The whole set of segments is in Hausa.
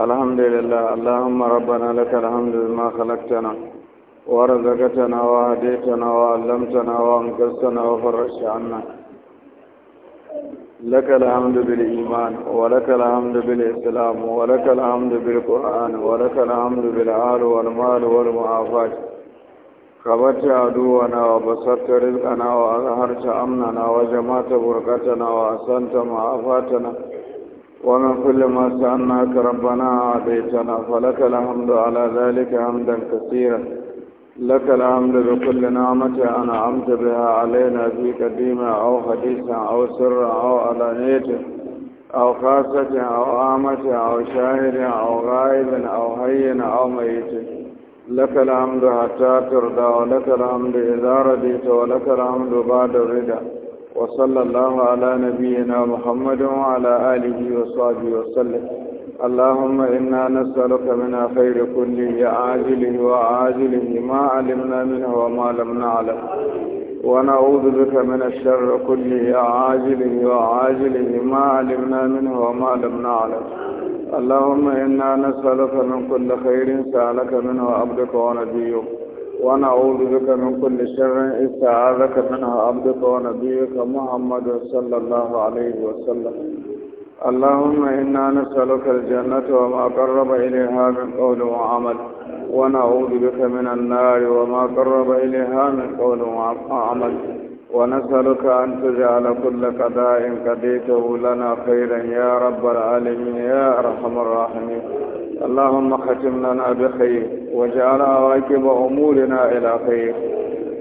الحمد لله اللهم ربنا لك الحمد لما خلقتنا ورزقتنا وهديتنا وعلمتنا وانقذتنا وفرجت عنا لك الحمد بالإيمان ولك الحمد بالإسلام ولك الحمد بالقرآن ولك الحمد بالعال والمال والمعافاة كبرت عدونا وبسطت رزقنا وأظهرت أمننا وجمعت بركتنا وأحسنت معافاتنا ومن كل ما سألناك ربنا عديتنا فلك الحمد على ذلك حمدا كثيرا لك الحمد بكل نعمة أنعمت بها علينا في قديمة أو حديثة أو سر أو علانية أو خاصة أو عامة أو شاهد أو غائب أو هين أو ميت لك الحمد حتى ترضى ولك الحمد إذا رضيت ولك الحمد بعد الرضا وصلى الله على نبينا محمد وعلى آله وصحبه وسلم اللهم إنا نسألك من خير كله عاجله وعاجله ما علمنا منه وما لم نعلم ونعوذ بك من الشر كله عاجله وعاجله ما علمنا منه وما لم نعلم اللهم إنا نسألك من كل خير سألك منه عبدك ونبيك ونعوذ بك من كل شر استعاذك منها عبدك ونبيك محمد صلى الله عليه وسلم اللهم إنا نسألك الجنة وما قرب إليها من قول وعمل ونعوذ بك من النار وما قرب إليها من قول وعمل ونسألك أن تجعل كل قضاء قضيته لنا خيرا يا رب العالمين يا أرحم الراحمين اللهم ختم لنا بخير واجعل عواقب أمورنا إلى خير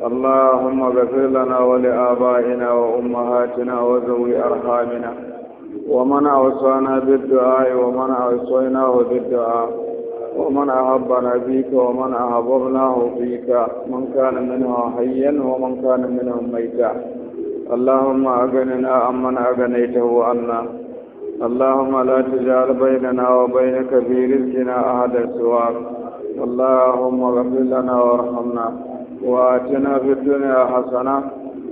اللهم اغفر لنا ولآبائنا وأمهاتنا وذوي أرحامنا ومن أوصانا بالدعاء ومن أوصيناه بالدعاء ومن أحبنا فيك ومن أحببناه فيك من كان منه حيا ومن كان منه ميتا اللهم أغننا عمن أغنيته عنا اللهم لا تجعل بيننا وبينك في رزقنا أحدا سواك اللهم اغفر لنا وارحمنا وآتنا في الدنيا حسنة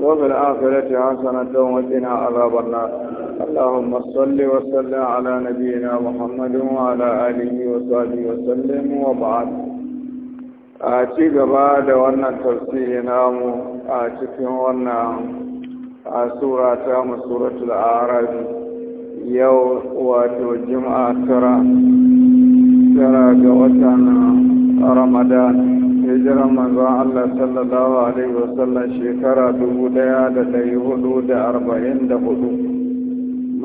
وفي الآخرة حسنة وقنا عذاب النار اللهم صل وسلم على نبينا محمد وعلى آله وصحبه وسلم وبعد a ci gaba da wannan tafsiri namu a cikin wannan a sura ta suratul a'raf yau wato jima'a tara tara ga watan ramadan hijiran manzon allah sallallahu alaihi wasallam shekara dubu daya da dari hudu da arba'in da hudu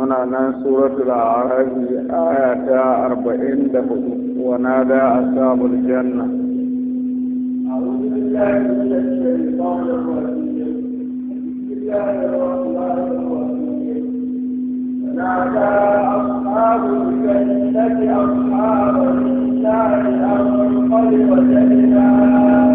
muna nan suratul arabi aya ta arba'in da hudu wa nada ashabul janna أصحاب الجنة أصحاب النار أن قلب جنات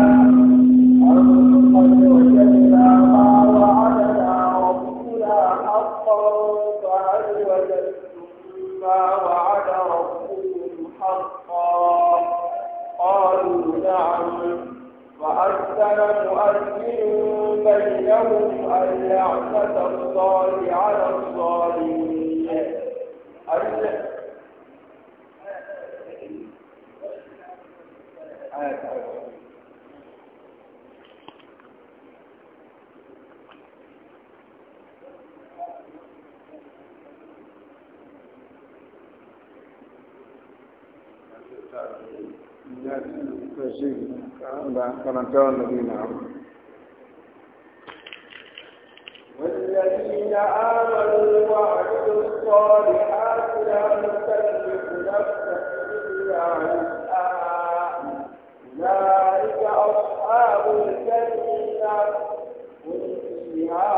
ما وعد ربهم حقا قالوا نعم وأذن مؤذن بينهم اللعنة الصالح على الظالمين آية والذين آمنوا وعملوا الصالحات لا نكلف نفسا إلا وسعها ذلك أصحاب الجنة هم فيها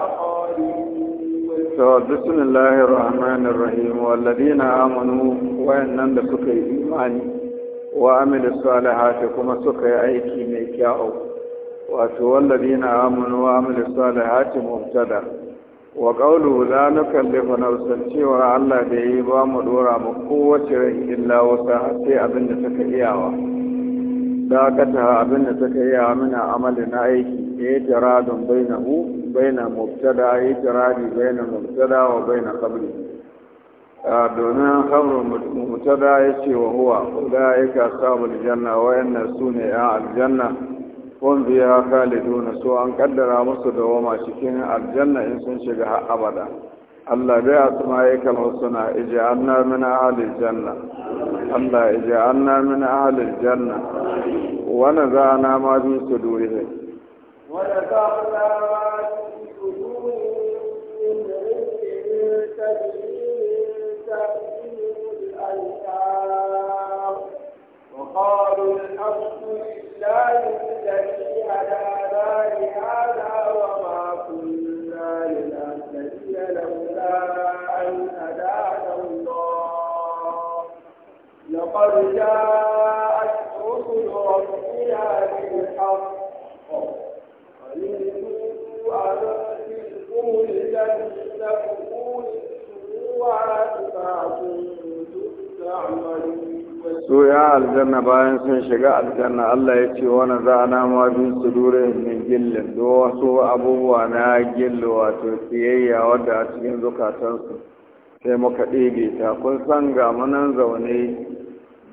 to bismillahir rahmanir rahim wallazina amanu wa'annam da kuke imani wa amilu salihati kuma suka yi aiki mai kyau wato wallazina amanu wa amilu salihati mubtada wa qawlu la nukallifu nafsan cewa Allah da yi ba mu dora mu kowace rai illa wasa sai abin da take iyawa dakata abin da take iya mana amali na aiki ya yi tiradun bainahu bainan mubtada ya yi bai na mubtada wa na qabli domin hamrun mutada ya ce wa huwa da ya ka samun janna wayannan su ne yan aljanna kun biya khaliduna so an kaddara musu da wama cikin aljanna in sun shiga har abada Allah bai asma'ikal husna ij'alna min ahli janna Allah ij'alna min ahli janna wa nazana ma bi sudurihim wa nazana ma bi sudurihim min قالوا الحمد لله الذي هدانا لهذا وما كنا لنهتدي لولا أن هدانا الله لقد جاءت رسل ربنا بالحق قالوا أنزلكم الجنة كونوا وأتباعكم su ya aljanna bayan sun shiga aljanna Allah ya ce wani za nama bin su dure min gillin da wasu abubuwa na gillo wato tsiyayya wadda a cikin zukatansu sai muka ɗebe ta kun san ga munan zaune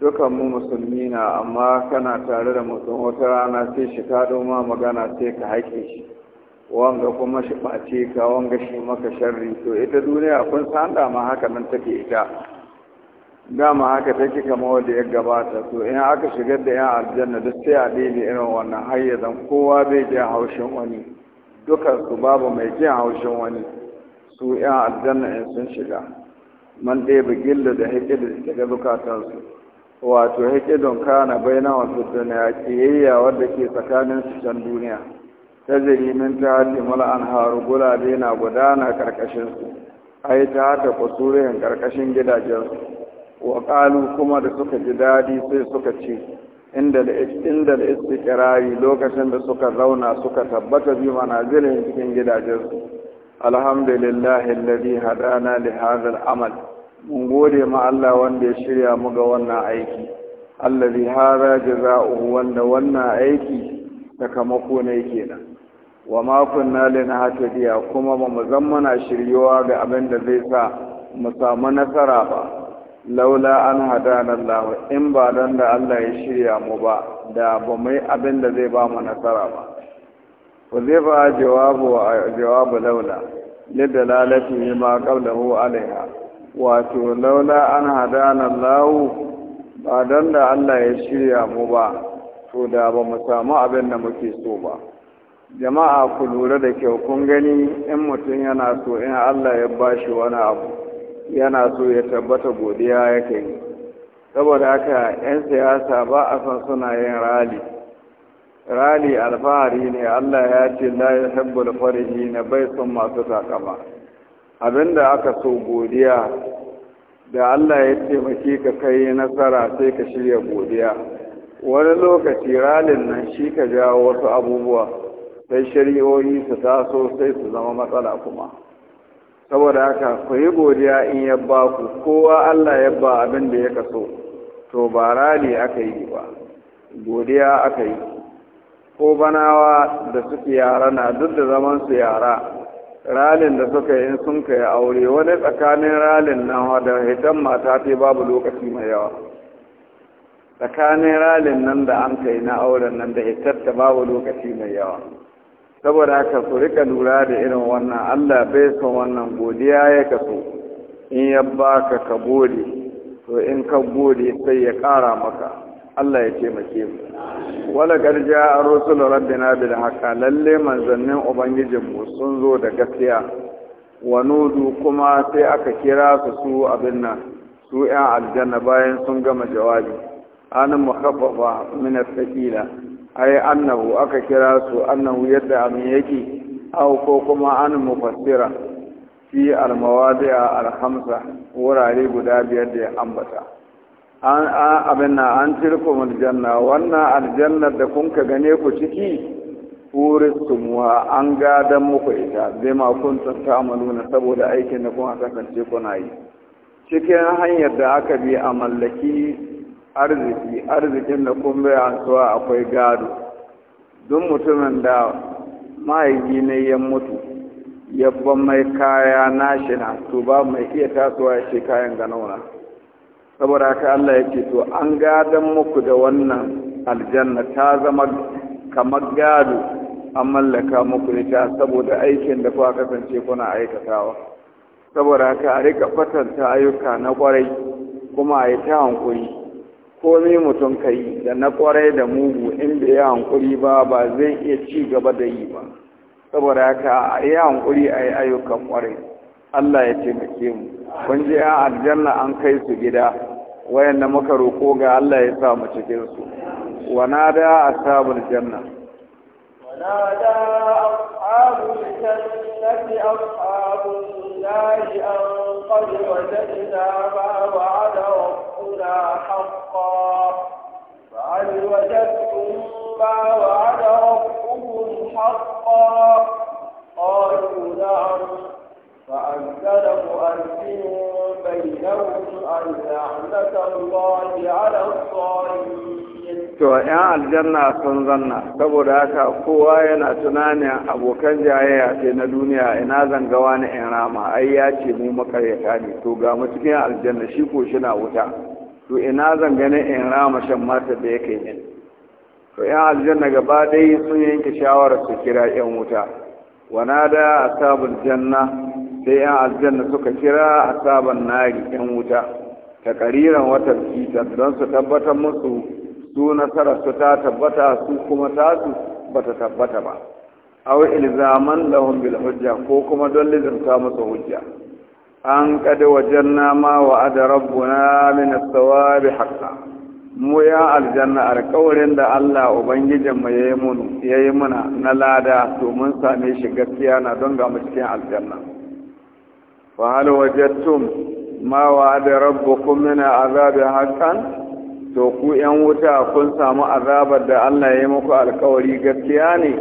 dukan mu musulmi na amma kana tare da mutum wata rana sai shi ta ma magana sai ka haƙe shi wanga kuma shi ɓace ka wanga shi maka sharri to ita duniya kun san da ma haka nan take ita dama haka take kama wanda ya gabata to in aka shigar da yan aljanna duk sai a daidai irin wannan zan kowa bai jin haushin wani dukan su babu mai jin haushin wani su yan aljanna in sun shiga man ɗaya bigilla da ga daga zukatansu wato haƙidun kana bai na wasu duniya kiyayya wadda ke tsakanin su can duniya ta jiri min ta hati mala'an haru gulabe na gudana A ai ta hata kusurin karkashin gidajensu wa ƙalu kuma da suka ji daɗi sai suka ce inda da istiƙirari lokacin da suka zauna suka tabbata bi manazirin cikin gidajensu alhamdulillahi alladhi hadana li hadha amal mun gode ma Allah wanda ya shirya mu ga wannan aiki alladhi hadha jazaohu wanda wannan aiki sakamako ne kenan wa ma kunna linahtadiya kuma ba mu zammana shiryuwa ga abin da zai sa mu samu nasara ba laula an hadana Allah in ba don da Allah ya shirya mu ba da ba mu yi abin da zai ba mu nasara ba ku zai ba jawabu jawabu laula lidalalati ma qablahu alaiha wato laula an hadana Allah ba don da Allah ya shirya mu ba to da ba mu samu abin da muke so ba jama'a ku lura da kyau kun gani in mutum yana so in Allah ya bashi wani abu yana so ya tabbata godiya ya kai. saboda haka 'yan siyasa ba a san suna yin rali rali alfahari ne allah ya ce la ya farihi na bai sun masu takama abinda aka so godiya da allah ya taimaki ka kai nasara sai ka shirya godiya wani lokaci ralin nan shi ka jawo wasu abubuwa sai shari'o'i su taso sai su zama matsala kuma saboda haka ku yi godiya in ya ba ku kowa Allah ya ba abin da ya kaso to ba rali aka yi ba godiya aka yi ko banawa da suke yara na duk da zaman su yara ralin da suka yi sun kai aure wani tsakanin ralin nan da hitan mata ta babu lokaci mai yawa tsakanin ralin nan da an kai na auren nan da hitar ta babu lokaci mai yawa saboda haka su rika lura da irin wannan allah bai son wannan godiya ya kaso in ya baka ka gode to in ka gode sai ya ƙara maka allah ya taimake mu wala garja a rasul rabbina bil haqa lalle manzannin ubangijinmu sun zo da gaskiya wa nudu kuma sai aka kira su su abin nan su yan aljanna bayan sun gama jawabi an mukhaffafa min as ay annahu aka kira su annahu yadda amin yake aw ko kuma an mufassira fi almawadi'a alhamsa wurare guda biyar da ya ambata an abin na an tilkum aljanna wannan aljannar da kun ka gane ku ciki furistumuwa an gadan muku ita bai ma kun na saboda aikin da kun kasance kuna yi cikin hanyar da aka bi a mallaki arziki arzikin da kun bai ansuwa akwai gado Don mutumin da mahaifi ne ya mutu yabban mai kaya nashi na to ba mai iya tasowa ya ce kayan ganauna saboda haka Allah ya ce to an gadon muku da wannan aljanna ta zama kamar gado an mallaka muku ne ta, saboda aikin da kuka kasance kuna aikatawa saboda haka a rika fatanta ayyuka na kwarai kuma a yi ta hankuri komi mutum ka yi da na kwarai da mugu in bai yi hankuri ba ba zai iya ci gaba da yi ba saboda haka a yi hankuri a yi ayyukan kwarai Allah ya taimake mu kun ji ya aljanna an kai su gida wayanda muka roko ga Allah ya sa mu cikin su wa nada janna نادى أصحاب الجنة أصحاب النار أن قد وجدنا ما وعد ربنا حقا فهل وجدتم ما وعد ربكم حقا قالوا نعم فأنزل مؤذن بينهم أن الله على الظالمين To, ‘yan aljanna sun zanna, saboda haka kowa yana tunanin abokan jayayya ce na duniya ina zangawa na ‘yan rama, ai ya ce mu makaryata ne, to ga mu cikin aljanna shi ko shi na wuta, to ina zanga na ‘yan rama shan mata da ya kai min. To, ‘yan aljanna gaba ɗaya sun yanke shawarar su kira ‘yan wuta, wana da asabul janna sai yan aljanna suka kira a sabon nari yan wuta ta kariran wata fita don su tabbatar musu su nasara su ta tabbata su kuma ta su ba ta tabbata ba aw ilzaman lahum bil hujja ko kuma don lizamta musu hujja an kada wajanna ma wa'ada rabbuna min as-sawabi haqqan mu ya aljanna alkawarin da Allah ubangijin ya yayi mana na lada domin same shi gaskiya na don ga mu cikin aljanna. فهل وجدتم ما وعد ربكم من عذاب hakan, to ku ‘yan wuta kun samu azabar da Allah ya yi muku alkawari gaskiya ne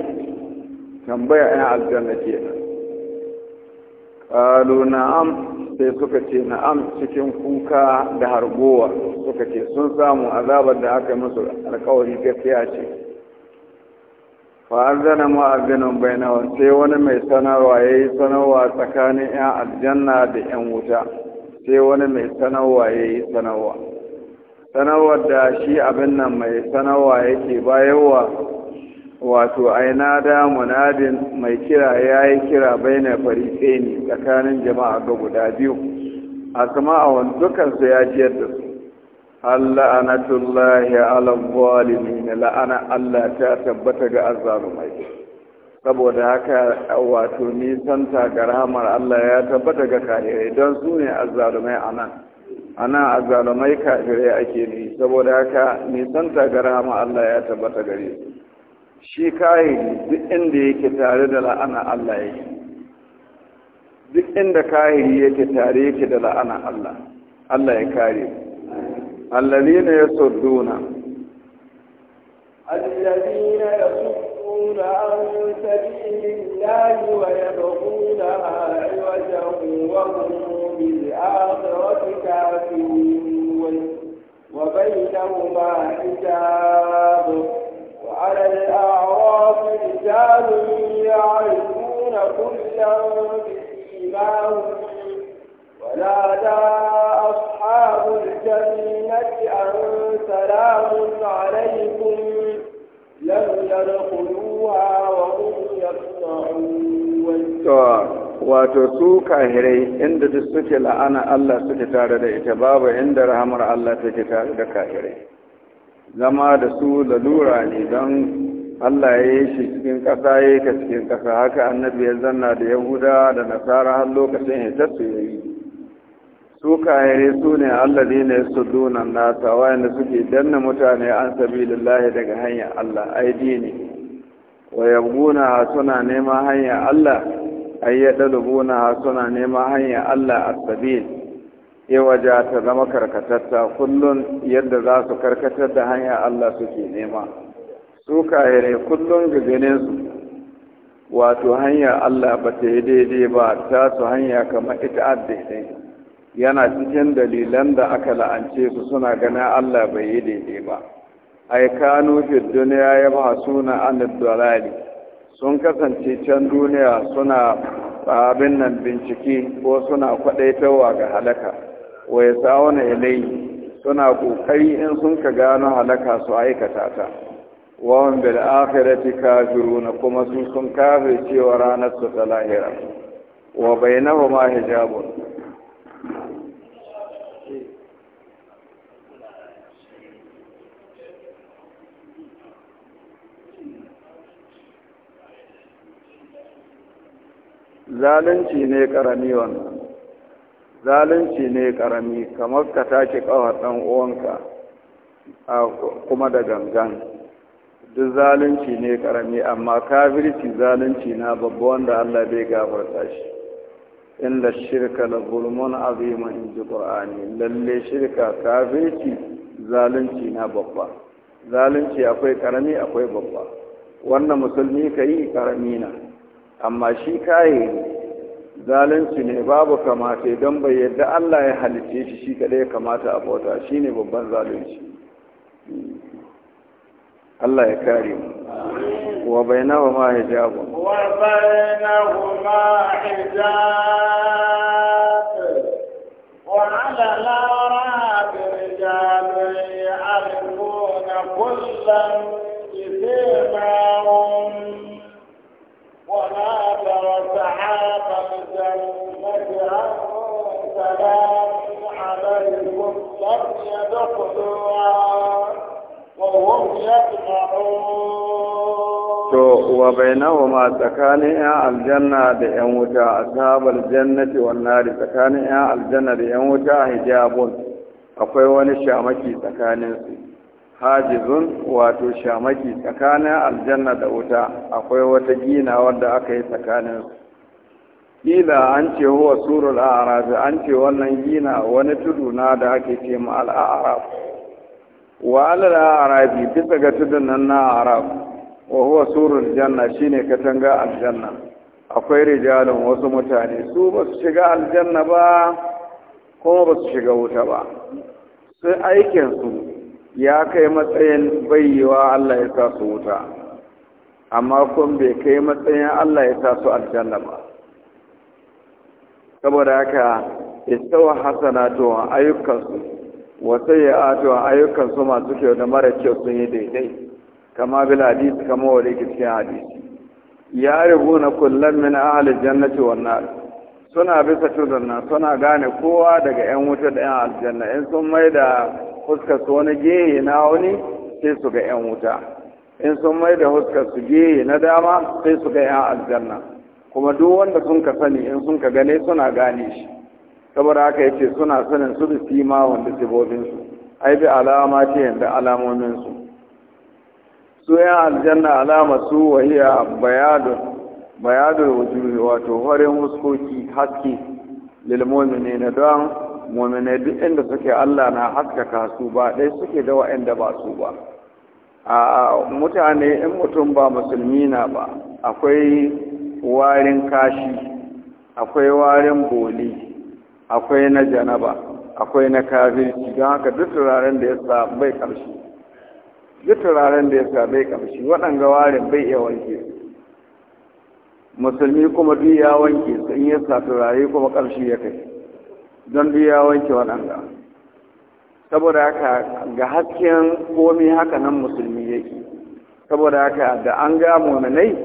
tambaya ‘yan aljanna ke nan ƙalu na'am sai suka ce na'am cikin kuka da hargowa suka ce sun samu azabar da aka musu alkawari gaskiya ce fa'azana ma'azinin bainawa sai wani mai sanarwa ya yi sanarwa tsakanin 'yan aljanna da 'yan wuta sai wani mai sanarwa ya yi sanarwa sanarwar da shi abin nan mai sanarwa yake bayarwa wato aina da munadin mai kira ya yi kira baina fariƙe ne tsakanin jama'a ga guda biyu a sama'awan dukansu ya ji yadda su la'anatullahi ala zalimin la'ana Allah ta tabbata ga azzalumai saboda haka wato nisan takar hamar Allah ya tabbata ga kafirai don su ne azzalumai a nan a nan azzalumai kafirai ake ne saboda haka nisan takar hamar Allah ya tabbata gare su shi kahiri duk inda yake tare da la'ana Allah yake duk inda kahiri yake tare yake da la'ana Allah Allah ya kare الذين يصدون الذين يصدون عن سبيل الله ويبغون عوجا وهم بالآخرة كافرون وبينهما حجاب وعلى الأعراف رجال يعرفون كلا بسيماهم ونادى أصحاب الجنة أن سلام عليكم لم يدخلوها وهم يطمعون wato su kahirai inda duk suke la'ana Allah suke tare da ita babu inda rahamar Allah take tare da kahirai zama da su lalura ne don Allah ya yi shi cikin ƙasa ya ka cikin ƙasa haka annabi ya zanna da yahuda da nasara har lokacin hitarsu ya yi su kahire su ne allazi ne su dunan nata wayanda suke danna mutane an sabilillahi daga hanyar Allah aidi ne wa yabguna suna neman hanyar Allah ay yadlubuna suna neman hanyar Allah as-sabil waje ta zama karkatatta kullun yadda za su karkatar da hanyar Allah suke nema su kahire kullun ganin su wato hanyar Allah ba ta yi daidai ba ta su hanya kamar ita daidai yana cikin dalilan da aka la'ance su suna ganin Allah bai yi daidai ba ai kanu fi duniya ya ba suna an dalali sun kasance can duniya suna abin nan bincike ko suna tawa ga halaka Wai ya ilai suna kokari in sun ka gano halaka su aikata ta wa hum bil akhirati kafiruna kuma su sun cewa ranar su ta lahira wa bainahuma hijabun zalunci ne karami wannan zalunci ne karami kamar ka take kawar dan uwanka kuma da gangan duk zalunci ne karami amma kafirci zalunci na babba wanda Allah bai gafarta shi inda shirka la zulmun azima in ji qur'ani lalle shirka kafirci zalunci na babba zalunci akwai karami akwai babba wannan musulmi kai karami na amma shi kaye zalunci ne babu kamata don bai yadda Allah ya halice shi shi kadai ya kamata a bauta shi ne babban zalunci Allah ya kare mu wa ma hijabun wa ma hijabu wa ala al-arab rijalun ya'rifuna kullan bi الصلاة وسحاب مثل سلام عليكم لم يدخلوها وهم يسمعون وبينهما تكاني الجنة بأموجة أصحاب الجنة والنار تكاني الجنة بأموجة حجاب أخوة ونشامكي تكاني hajizun wato shamaki tsakanin aljanna da wuta akwai wata gina wanda aka yi tsakanin Ila, an ce huwa surul a'raf an ce wannan gina wani tudu na da ake ce ma al wa al a'raf bisa ga tudun nan na a'raf wa huwa surul janna shine katanga aljanna akwai rijalun wasu mutane su ba su shiga aljanna ba kuma ba su shiga wuta ba sai aikin su ya kai matsayin bayyawa Allah ya sa wuta amma kun bai kai matsayin Allah ya sa aljanna ba saboda haka istawa hasanatu ayyukansu wa sayyi'atu ayyukansu masu kyau da mara kyau sun yi daidai kama bil hadisi kama wa cikin hadisi ya rubuna kullum min ahli jannati wan nar suna bisa tudunna suna gane kowa daga yan wuta da yan aljanna in sun maida huska su wani gehe na wani sai su ga yan wuta in sun mai da huska su gehe na dama sai su ga yan aljanna kuma duk wanda sun ka sani in sun ka gane suna gane shi saboda haka yace suna sanin su da sima wanda sibobin su ai bi alama ce da alamomin su su yan aljanna alama su wahiya bayadu wujuhi wato farin huskoki haske lil mu'minina don Mominai duk inda suke Allah na haskaka su ba ɗai suke da wa'anda ba su ba a mutane in mutum ba musulmi na ba akwai warin kashi akwai warin boli akwai na janaba akwai na kafirci don haka duk turaren da ya sa bai ƙarshe. duk turaren da ya sa bai ƙarshe, waɗanga warin bai iya wanke musulmi kuma duk ya wanke sun ya sa turare kuma ƙarshe ya kai don biya ya wanke waɗanda saboda haka ga hasken komi haka nan musulmi yake saboda haka da an ga muminai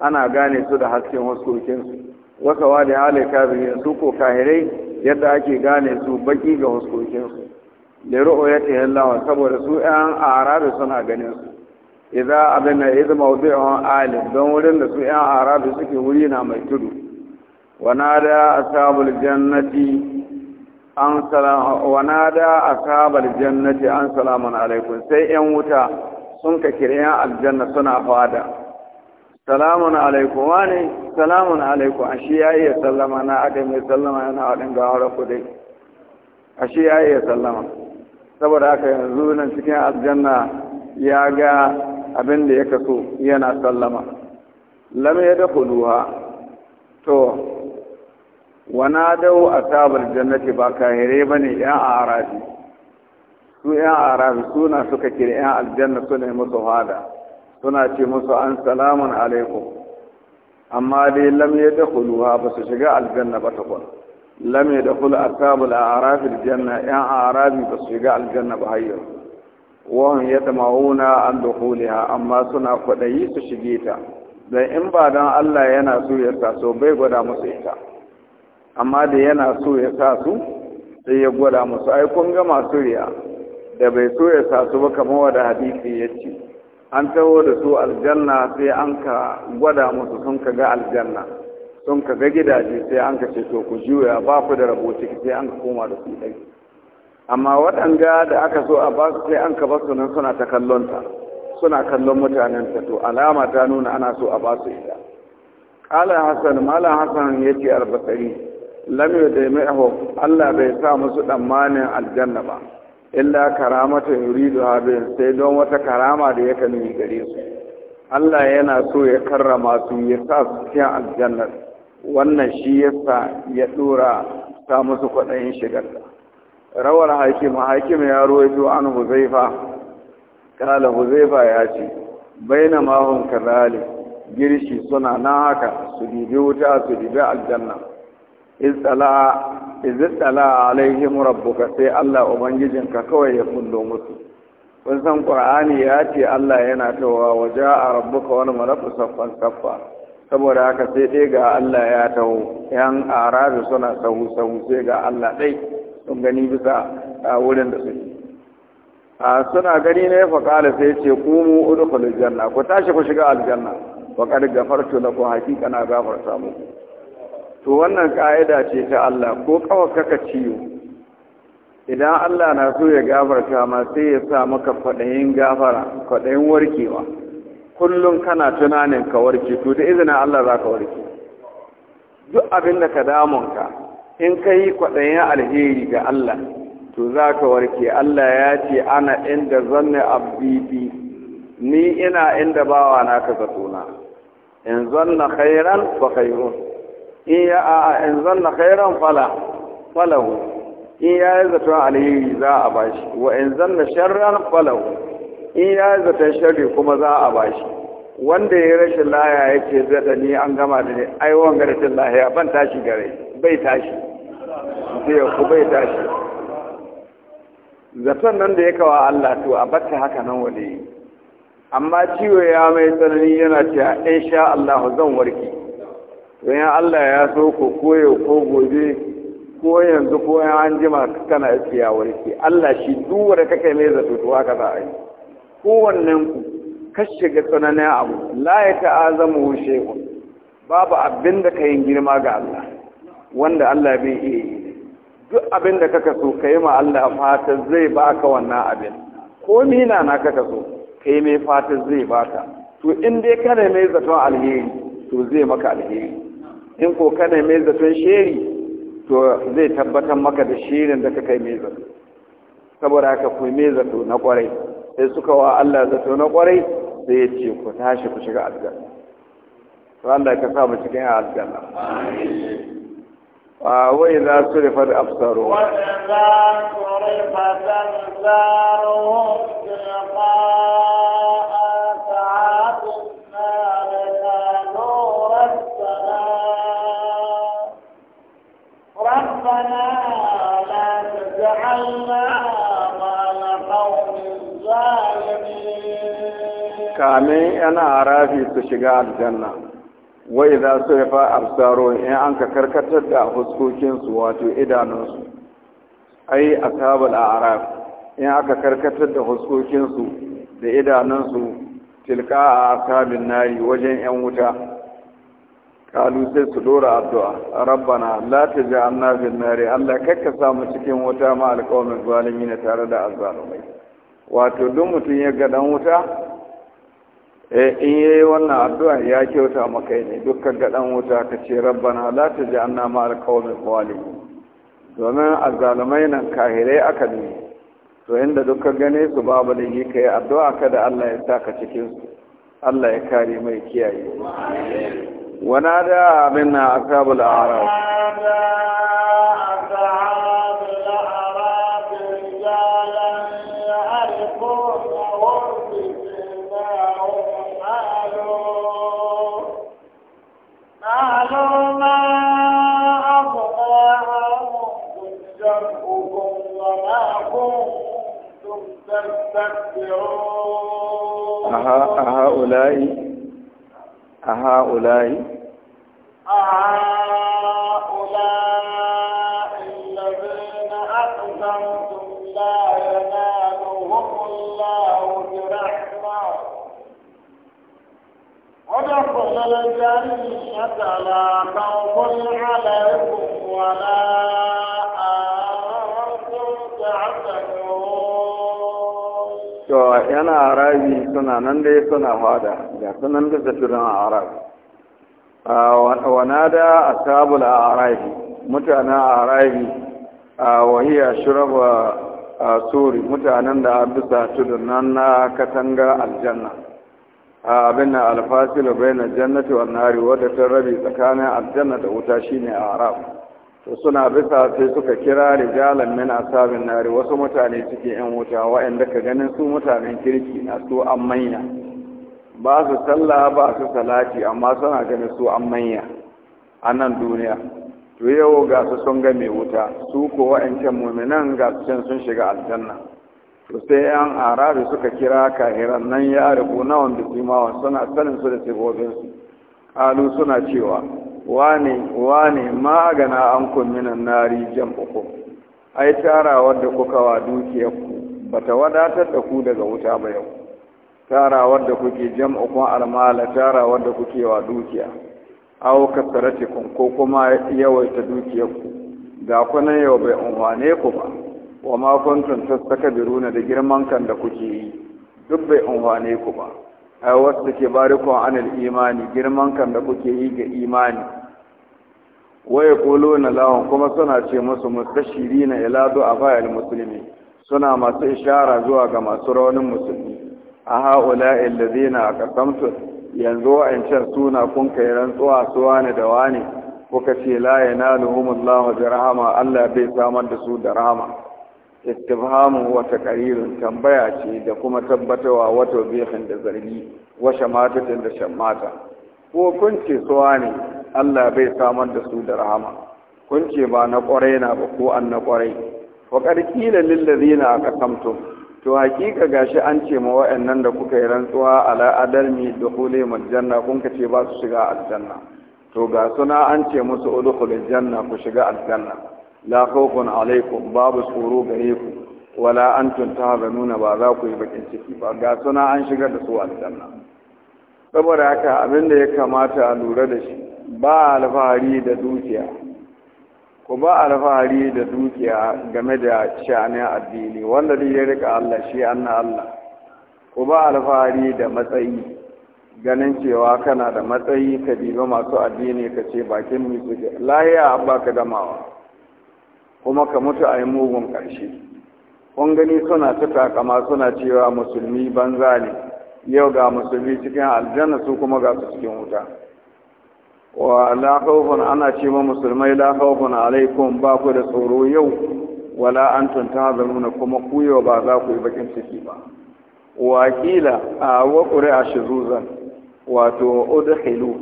ana gane su da hasken huskokinsu wasa wa da halai kafirin su ko kahirai yadda ake gane su baki ga huskokinsu da ro'o ya ce saboda su yan arabi suna ganin su idan abin da idza mawdu'un alif don wurin da su yan arabi suke wuri na mai tudu da nada ashabul jannati an da wa nada ashabal jannati an salamun alaikum sai yan wuta sun ka kirya aljanna suna fada salamun alaikum wani salamun alaikum shi ya iya sallama na aka mai sallama yana waɗin gawara kudai shi ya iya sallama saboda haka yanzu nan cikin aljanna ya ga abin da ya kaso yana sallama lam ya da to wana dau asabar jannati ba kahire bane yan arabi su yan arabi suna suka kira yan aljanna suna musu hada suna ce musu an salamun alaikum amma dai lam yadkhuluha ba su shiga aljanna ba takwan lam yadkhul asabul a'raf aljanna yan arabi ba su shiga aljanna ba hayyo wa hum yatamawuna an dukhuliha amma suna kwaɗayi su shige ta dan in ba dan Allah yana so ya taso bai gwada musu ita amma da yana so ya sa su sai ya gwada musu ai kun ga masu riya da bai so ya sa su ba kamar wanda hadisi ya ce an taho da su aljanna sai an ka gwada musu sun ka ga aljanna sun ka ga gidaje sai an ka ce to ku juya ba ku da rabo ciki sai an ka koma da su dai amma waɗanga da aka so a ba su sai an ka ba su nan suna ta kallon ta suna kallon mutanen ta to alama ta nuna ana so a ba su ita qala hasan mala hasan yace albasari lam yudaimahu Allah bai sa musu tsammanin aljanna ba illa karamata yuridu abin sai don wata karama da yake nuni gare su Allah yana so ya karrama su ya sa su cikin aljanna wannan shi yasa ya ɗora sa musu kwaɗayin shigar rawar hakim hakim ya ruwaito an huzaifa kala huzaifa ya ce baina mahon kazali girshi suna na haka su dibi wuta su dibi aljanna izistala alaihim rabbuka sai Allah ubangijinka kawai ya kullo musu kun san qur'ani ya ce Allah yana tawa waje a rabbuka wani malaku saffan saffa saboda haka sai dai ga Allah ya taho yan arabi suna sahu sahu sai ga Allah dai sun gani bisa a wurin da suke a suna gani ne fa kala sai ce kumu udkhulul janna ku tashi ku shiga aljanna wa qad ghafartu lakum haqiqa na gafarta muku to wannan ka'ida ce ta Allah ko kawai kaka ciwo idan Allah na so ya gafarta ma sai ya sa maka kwaɗayin gafara kwaɗayin warkewa kullum kana tunanin ka warke to da izinin Allah za ka warke duk abin da ka damunka in ka yi kwaɗayin alheri ga Allah to za ka warke Allah ya ce ana inda zanne abdibi ni ina inda bawa na ka zatona in zanna khairan fa khairun in ya a in zanna khairan fala falahu in ya yi zaton alheri za a bashi wa in zanna sharran falahu in ya yi zaton sharri kuma za a bashi wanda ya rashin laya ya ce zata ni an gama da ne ai wanga rashin lahiya ban tashi gare bai tashi sai ku bai tashi zaton nan da ya kawa Allah to a batta haka nan wani amma ciwo ya mai tsanani yana cewa insha Allah zan warke wani Allah ya so ku koyo ko gobe ko yanzu ko yan an jima kana iya warke Allah shi duwar ka kai mai zato to haka za a yi kowannen ku ka shiga tsananin abu la ya azamu shay'un babu abin da yi girma ga Allah wanda Allah bai iya yi duk abin da kaka so kai ma Allah fata zai baka wannan abin ko mina na kaka so kai mai fata zai baka to in dai kana mai zato alheri to zai maka alheri in ko kana mai zaton sheri to zai tabbatar maka da shirin da ka kai mai zato saboda haka ku mai zato na kwarai sai suka wa Allah zato na kwarai sai ya ce ku tashi ku shiga aljanna to Allah ka sa mu cikin aljanna amin آه، وإذا صرفت الأبصار وإذا صرفت الأبصار تلقاء ساعات النار قالوا ربنا ربنا لا تجعلنا كامي أنا في تشجع الجنة wai za su yafa absaro in an ka karkatar da huskokinsu wato idanunsu ai a sabal a arab in aka karkatar da huskokinsu da idanunsu tilka a asabin nari wajen yan wuta kalu sai su dora addu'a rabbana la taj'alna fil nari allah kakka samu cikin wuta ma alqawmin zalimin tare da azzalumai wato duk mutum ya ga dan wuta Eh, in yayi wannan addu'a ya kyauta maka ne dukkan ga wuta ka ce rabbana la taj'alna ma'al qawmi zalimin domin azzalumai nan kahirai aka ne to inda dukkan gani su babu da yi kai addu'a kada Allah ya saka cikin Allah ya kare mai kiyaye wana da abin na ashabul a'raf أهؤلاء أهؤلاء أهؤلاء الذين أقسمتم لا ينالهم الله برحمة ودخل الجنة لا خوف عليكم ولا أنتم تعتدون to yana arabi suna nan dai suna fada da sunan da a arabi wana da ashabul arabi mutanen arabi wahiya shuraba suri mutanen da bisa tudun nan na katanga aljanna abin na alfasilu bai na jannati wa nari da ta rabi tsakanin aljanna da wuta shine arab to suna bisa sai suka kira rijalan min asabin nari wasu mutane suke yan wuta wa'anda ka ganin su mutanen kirki na su an manya ba su sallah ba su salati amma suna ganin su an manya a nan duniya to yau ga su sun ga mai wuta su ko wa'ancan muminan ga su can sun shiga aljanna to sai yan arabi suka kira kahiran nan ya rubu nawan da suna sanin su da su alu suna cewa wane wane magana an minan nari uku? ai tarawar da kuka wa dukiyarku ta wadatar da ku daga wuta ba yau tarawar da kuke jam'ukum almala tarawar da kuke wa dukiya aw kasaratikum ko kuma yawaita dukiyarku ga kuna yau bai unwane ku ba wa ma kuntum tastakbiruna da girman kan da kuke yi duk bai unwane ku ba wasu ke bariko an imani girman kan da kuke yi ga imani waye kolo na lawan kuma suna ce masu mustashiri na iladu a bayan musulmi suna masu ishara zuwa ga masu raunin musulmi a ha'ula zina a kasamtu yanzu wa'ancan suna kun kai rantsuwa su wane da wani kuka ce layina, lawon da rahama Allah bai samar da su da rahama istifhamu wata taqrirun tambaya ce da kuma tabbatawa wato bihin da zargi wa shamatatin da shamata ko kun ce suwa ne Allah bai samar da su da rahama kun ce ba na kwarai na ba ko an na kwarai wa qarqila lil ladina aqsamtum to hakika gashi an ce ma wa'annan da kuka yi rantsuwa ala adalmi dukhuli janna kun ka ce ba su shiga aljanna to ga suna an ce musu udkhulul janna ku shiga aljanna la khawfun alaikum babu tsoro gare ku wala antum tahzanuna ba za ku yi bakin ciki ba ga suna an shigar da su aljanna saboda haka abin da ya kamata a lura da shi ba alfahari da dukiya ku ba alfahari da dukiya game da sha'anin addini wanda dai ya rika Allah shi anna Allah ku ba alfahari da matsayi ganin cewa kana da matsayi ka diba masu addini ka ce bakin mi suke lahiya abba ka damawa kuma ka mutu a yi mugun ƙarshe kun gani suna ta takama suna cewa musulmi banza ne yau ga musulmi cikin aljanna su kuma ga su cikin wuta wa la ana ce ma musulmai la alaikum ba ku da tsoro yau wala an antum nuna kuma kuyo ba za ku yi bakin ciki ba wa qila a wa qur'a zuzan. wato udkhilu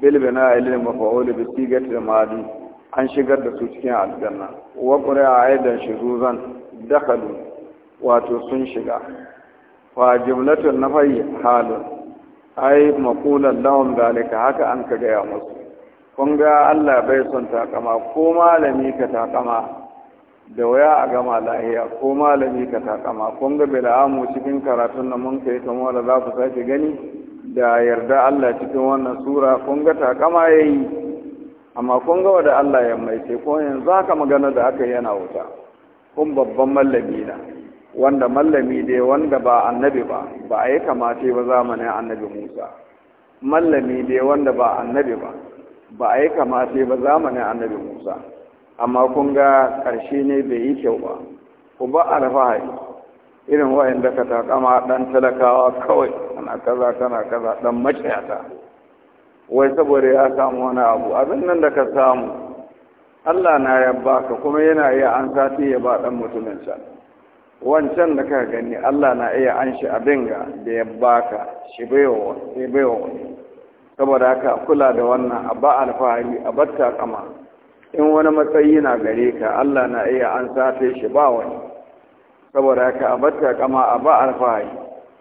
bil bina'i lil maf'ul bi sigati madi an shigar da su cikin aljanna wa ƙuri'a aidan shuzuzan dakalu wato sun shiga wa jumlatun nafayi halun ai makulan lawan dalika haka an ka gaya musu kun ga Allah bai son takama ko malami ka takama da waya a gama lahiya ko malami ka takama kun ga bil'amu cikin karatun nan mun kai kamar da za ku sake gani da yarda Allah cikin wannan sura kun ga takama yayi amma kun ga wanda Allah ya mai ce ko yanzu haka magana da aka yana wuta kun babban mallami na wanda mallami dai wanda ba annabi ba ba a yi kamata ba zamanin annabi Musa mallami dai wanda ba annabi ba ba a yi kamata ba zamanin annabi Musa amma kun ga ƙarshe ne bai yi kyau ba ku ba alfahari irin da ka takama ɗan talakawa kawai kana kaza kana kaza ɗan maciyata wai saboda ya samu wani abu abin nan da ka samu Allah na ya baka kuma yana iya an sati ya ba dan mutumin sa wancan da ka gani Allah na iya an shi abin ga da ya baka shi baiwa sai baiwa saboda haka kula da wannan a alfahari a batta kama in wani matsayi na gare ka Allah na iya an sati shi ba wani saboda haka a batta kama a alfahari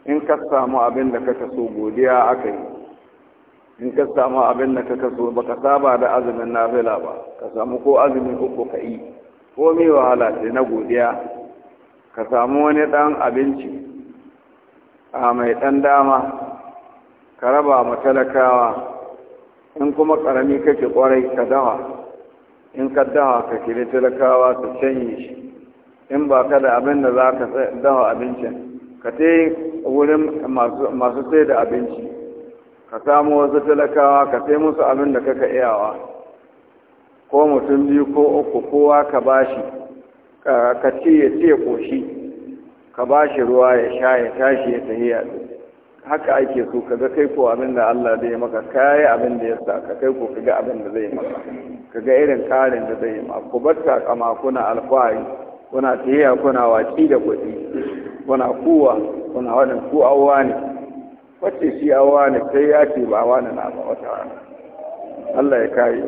in ka samu abin da ka so godiya aka yi in ka samu abin da ka kaso ba ka saba da azumin nafila ba ka samu ko azumi uku ka yi ko mai wahala sai na godiya ka samu wani ɗan abinci a mai ɗan dama ka raba ma talakawa in kuma ƙarami kake ƙwarai ka dawa in ka dawa ka kiri talakawa su canye shi in ba ka da abin da za ka dawa abincin ka te wurin masu sai da abinci ka samu wasu talakawa ka sai musu abin da kaka iyawa ko mutum biyu ko uku kowa ka bashi ka ce ya ce koshi ka bashi ruwa ya sha ya tashi ya tafi ya haka ake so ka ga kai ko abin da Allah zai maka kayi abin da ya sa ka kai ko kaga abin da zai maka kaga irin karin da zai maka ku bar takama kuna alfahari kuna tahiya kuna watsi da kuɗi kuna kuwa kuna waɗin ku ne wace shi a wani sai ya ce ba wani na ba wata rana Allah ya kare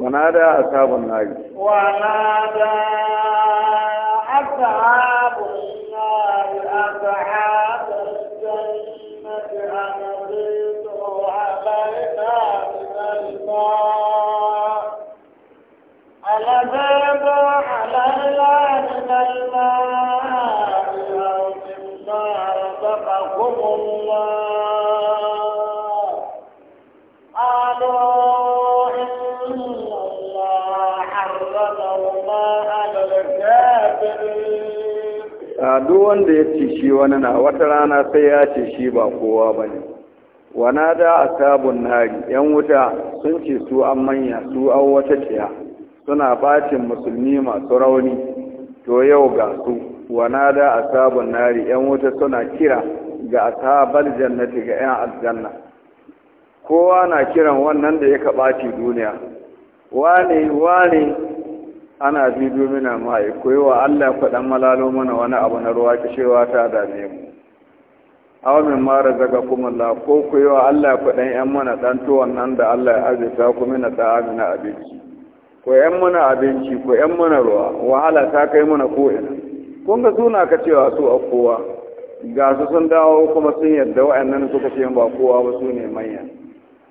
ونادى أصحاب النار ونادى أصحاب النار أصحاب الجنة أن أبيتوا علينا من الماء أن أبيتوا علينا من الماء يوم مما رزقكم الله قالوا duk wanda ya ce shi wani na wata rana sai ya ce shi ba kowa ba ne wana da asabun nari yan wuta sun ce su an manya su an wata ciya suna bacin musulmi masu rauni to yau ga su wanada asabun nari yan wuta suna kira ga ashabar jannati ga yan aljanna kowa na kiran wannan da ya kaɓaci duniya wane wane ana bidiyo mina ma'i wa allah faɗan malalo mana wani abu na ruwa kishewa ta dame mu awamin mara zaga kuma la ko wa allah faɗan yan mana ɗan tuwon nan da allah ya arzita ku mina tsa'ami amina abinci ko yan mana abinci ko yan mana ruwa wahala ta kai mana ko'ina kun ga suna ka cewa su a kowa ga su sun dawo kuma sun yadda wa'annan suka ce ba kowa ba su ne manya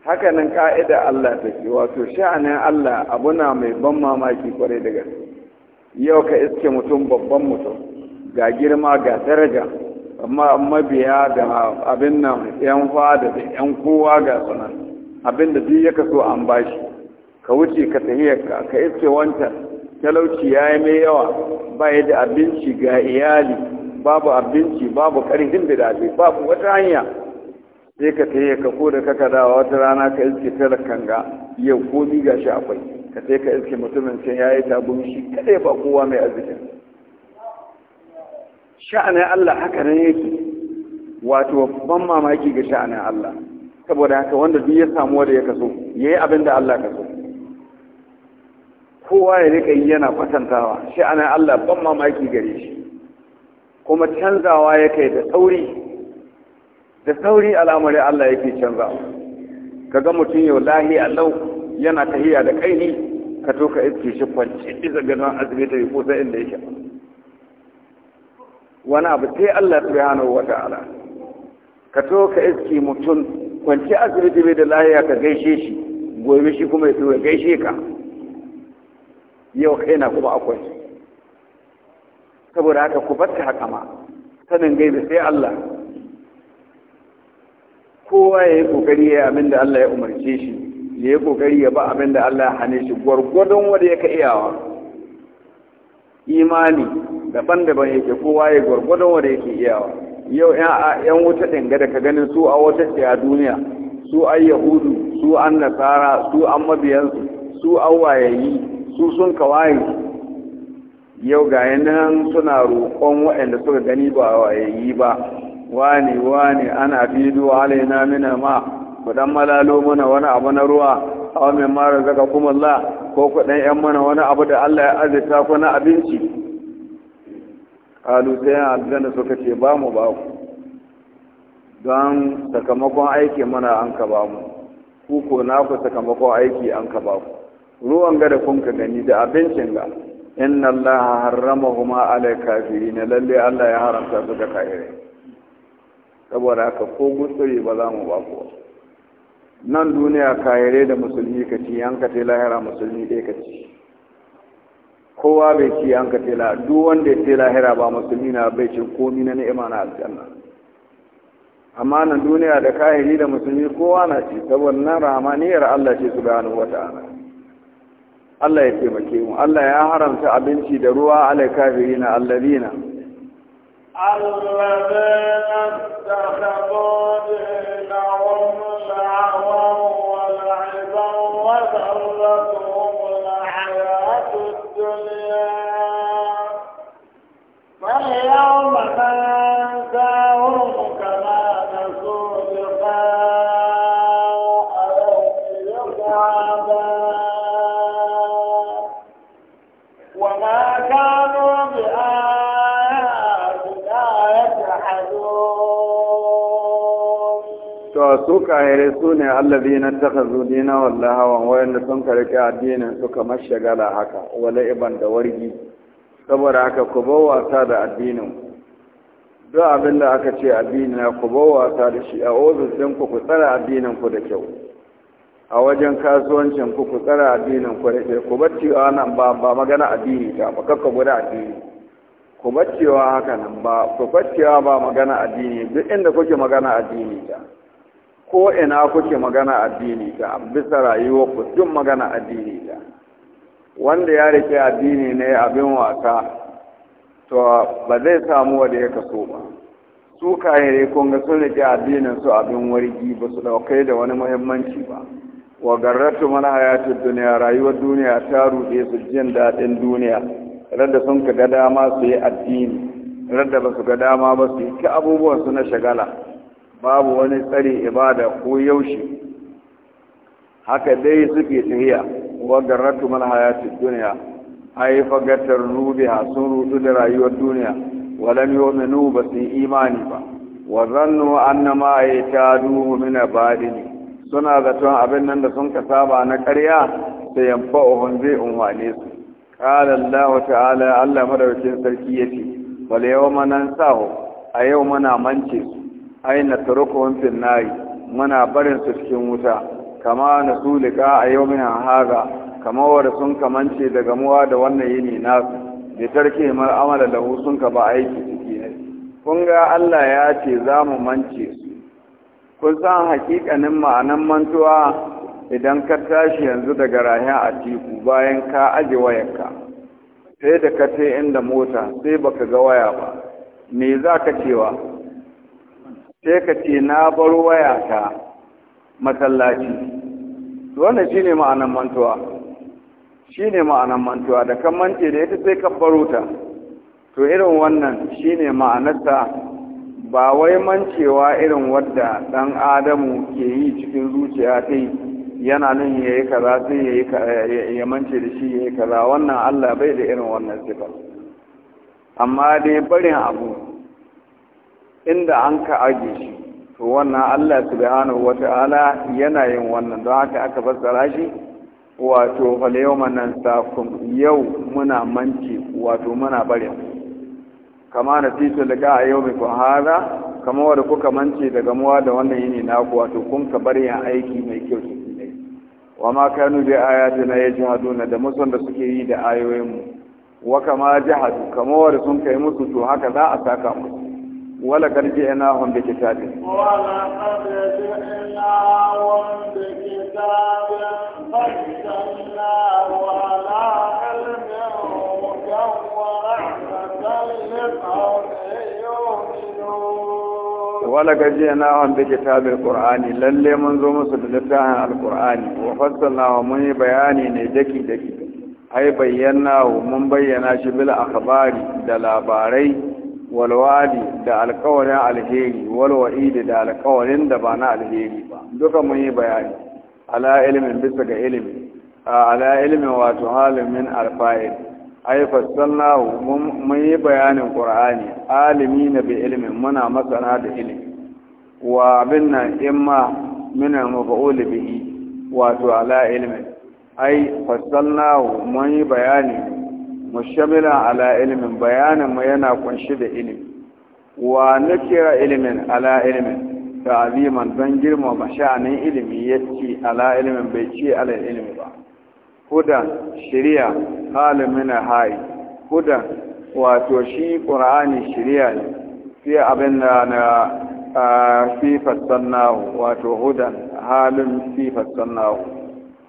haka nan ka'ida Allah ta ce wato sha'anin Allah abu na mai ban mamaki kwarai daga yau ka iske mutum babban mutum ga girma ga daraja amma mabiya da abin nan yan fada da yan kowa ga sanan abin da duk ya kaso an bashi ka wuce ka tahiyar ka ka iske wancan talauci ya yi mai yawa ba ya da abinci ga iyali babu abinci babu karhin da dafi babu wata hanya sai ka taya ka ko da kaka dawa wata rana ka iske tara kanga yau komi ga shi akwai ka sai ka iske mutumin sai ya yi tagun shi kadai ba kowa mai arziki sha'anin Allah haka nan yake wato ban mamaki ga sha'anin Allah saboda haka wanda duk ya samu wanda ya kaso yayi abin da Allah ka so kowa ya rika yi yana kwatantawa shi ana Allah ban mamaki gare shi kuma canzawa ya kai da sauri da sauri al'amari Allah ya ke canzawa ga mutum yau lahi lau yana tahiya da kaini ka to ka iske shi kwanci isa ganin asibiti ya kusa inda yake wani abu sai Allah yano wa ta'ala ka to ka iske mutum kwanci asibiti bai da lahiya ka gaishe shi gobe shi kuma ya gaishe ka yau na kuma akwai saboda haka ku bar ta haka ma sanin gaibe sai Allah kowa ya yi kokari ya yi abin da Allah ya umarce shi ya yi kokari ya ba abin da Allah ya hane shi gwargwadon wanda ya ka iyawa imani daban-daban yake kowa ya gwargwadon wanda yake iyawa yau yan wuta dinga da ka ganin su a wata ce a duniya su an yahudu su an nasara su an mabiyansu su an wayayi su sun kawai yau ga nan suna roƙon waɗanda suka gani ba yi ba wani wani ana fido alaina mina ma ku dan malalo mana wani abu na ruwa a wani mara zaka kuma la ko ku dan yan mana wani abu da Allah ya azurta ku na abinci kalu sai aljanna suka ce ba mu ba ku don sakamakon aiki mana an ka ba mu ku ko na ku sakamakon aiki an ka ba ku ruwan gada kun ka gani da abincin ga inna Allah harrama huma ala kafirin lalle Allah ya haramta su ga kafire saboda haka ko gutsuri ba za mu ba ku nan duniya kafire da musulmi ka ci an ka lahira musulmi dai ka ci kowa bai ci an ka la, duk wanda ya lahira ba musulmi na bai ci komi na ni'ima na aljanna amma nan duniya da kafiri da musulmi kowa na ci saboda nan rahmaniyar Allah ce subhanahu wata'ala Allah ya taimake mu Allah ya haramta abinci da ruwa ala kafirina allazina الذين اتخذوا الحياة الدنيا فاليوم كما لقاء وما كانوا su kahire su ne allazi na taka zudina wallahawan wayanda sun karki addinin suka shagala haka wala iban da wargi saboda haka ku bar wasa da addinin duk abin da aka ce addini na ku bar wasa da shi a ofis ɗinku ku tsara addinin ku da kyau a wajen kasuwancin ku ku tsara addinin ku rike ku bar cewa nan ba ba magana addini ta ba kakka guda addini ku bar cewa haka nan ba ku bar cewa ba magana addini duk inda kuke magana addini ta ko ina kuke magana addini ta bisa rayuwar ku duk magana addini ta wanda ya rike addini ne abin wasa to ba zai samu wanda ya kaso ba su kayan kun ga sun rike addinin su abin wargi ba su ɗaukai da wani muhimmanci ba wa garratu mana hayatu duniya rayuwar duniya ta ruɗe su jin daɗin duniya radda sun ka ga dama su yi addini radda ba su ga dama ba su yi abubuwan su na shagala babu wani tsari ibada ko yaushe haka dai suke tafiya wa garratu mana hayatu duniya ai fagatar ha sun rudu da rayuwar duniya walam yu'minu ba su imani ba wa zannu annama duhu min abadini suna zaton abin nan da sun ka saba na ƙarya da yamfa ohun zai unwane su ƙala Allah ta'ala Allah madaukin sarki ya ce wal yawma sahu. a yau muna mance su ai na tarukuhum muna barin su cikin wuta kama na sulika a yau min haga kama sun kamance daga muwa da wannan yini nasu da tarke mar amala hu sun ka ba aiki ciki ne kun ga Allah ya ce za mu mance su Kun san hakikanin ma'anan mantuwa idan ka tashi yanzu daga rahin a tiku bayan ka aje wayarka sai da ka ce inda mota sai baka ga waya ba me za ka cewa sai ka ce na bar waya ta masallaci wannan shine ma'anan mantuwa Shi ne ma'anan mantuwa da kan mance da ita sai ka baro ta to irin wannan shine ma'anarsa ba wai mancewa irin wadda ɗan adamu ke yi cikin zuciya ta yana nan ya yi kaza sai ya mance da shi ya yi kaza wannan allah bai da irin wannan sifa amma dai barin abu inda an ka aje shi to wannan allah subhanahu wata'ala yana yin wannan don haka aka fassara shi wato falayau manan sakun yau muna manci wato muna barin kama na fito daga a yau biku hada kama wadda kuka mance da muwa da wannan yini naku wato kun ka bar yin aiki mai kyau su ne wa ma kanu bi hadu, na da musu da suke yi da ayoyinmu wa kama hadu kama wadda sun kai musu to haka za a saka musu ولا جئناهم بكتاب wanda جئناهم بكتاب فجعلناه على علم مجوع wala gajiya na wanda ke tabir qur'ani lalle mun zo musu da littafin alqur'ani wa fassalna wa mun yi bayani ne daki daki ai bayyana wa mun bayyana shi bil akhbari da labarai wal wadi da alqawlin alheri wal wa'id da alqawlin da ba na alheri ba duka mun yi bayani ala ilmin bisa ga ilmi ala ilmin wato halin min alfa'il ai fassalnahu mun yi bayanin qur'ani alimi na bi ilmin muna masana da ilimi wa abin nan imma mina mafa'ul bihi wato ala ilmi ai fassalnahu mun yi bayani mushamila ala ilmin bayanin mu yana kunshi da ilimi wa nakira ilmin ala ilmin ta'ziman dan girmama sha'anin ilimi yace ala ilmin bai ce ala ilmi ba huda shiriya qala mina hai huda wato shi qur'ani shiriya ne sai abin da na sifar sannahu wato hudan halin sifar sannahu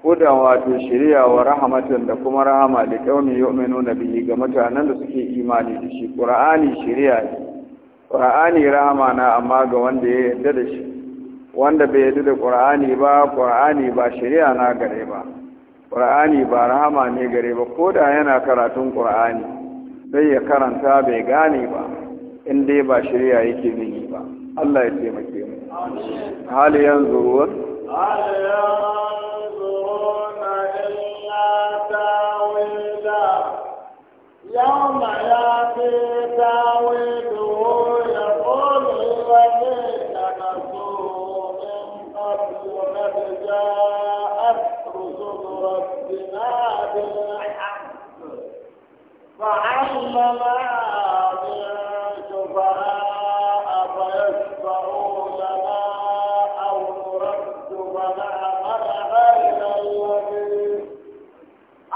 hudan wato shiriya wa rahmatan da kuma rahama da kaumi yu'minu bihi ga mutanen da suke imani da shi qur'ani shiriya ne qur'ani rahama na amma ga wanda ya yarda da shi wanda bai yarda da qur'ani ba qur'ani ba shiriya na gare ba Qur'ani ba rahama ne gare ba ko da yana karatun ƙur'ani sai ya karanta bai gane ba in dai ba shirya yake nuni ba Allah ya taimake mu hali yanzu ruwan يوم ne الرب وقد جاءت رسل ربنا بالحق فعلم ما من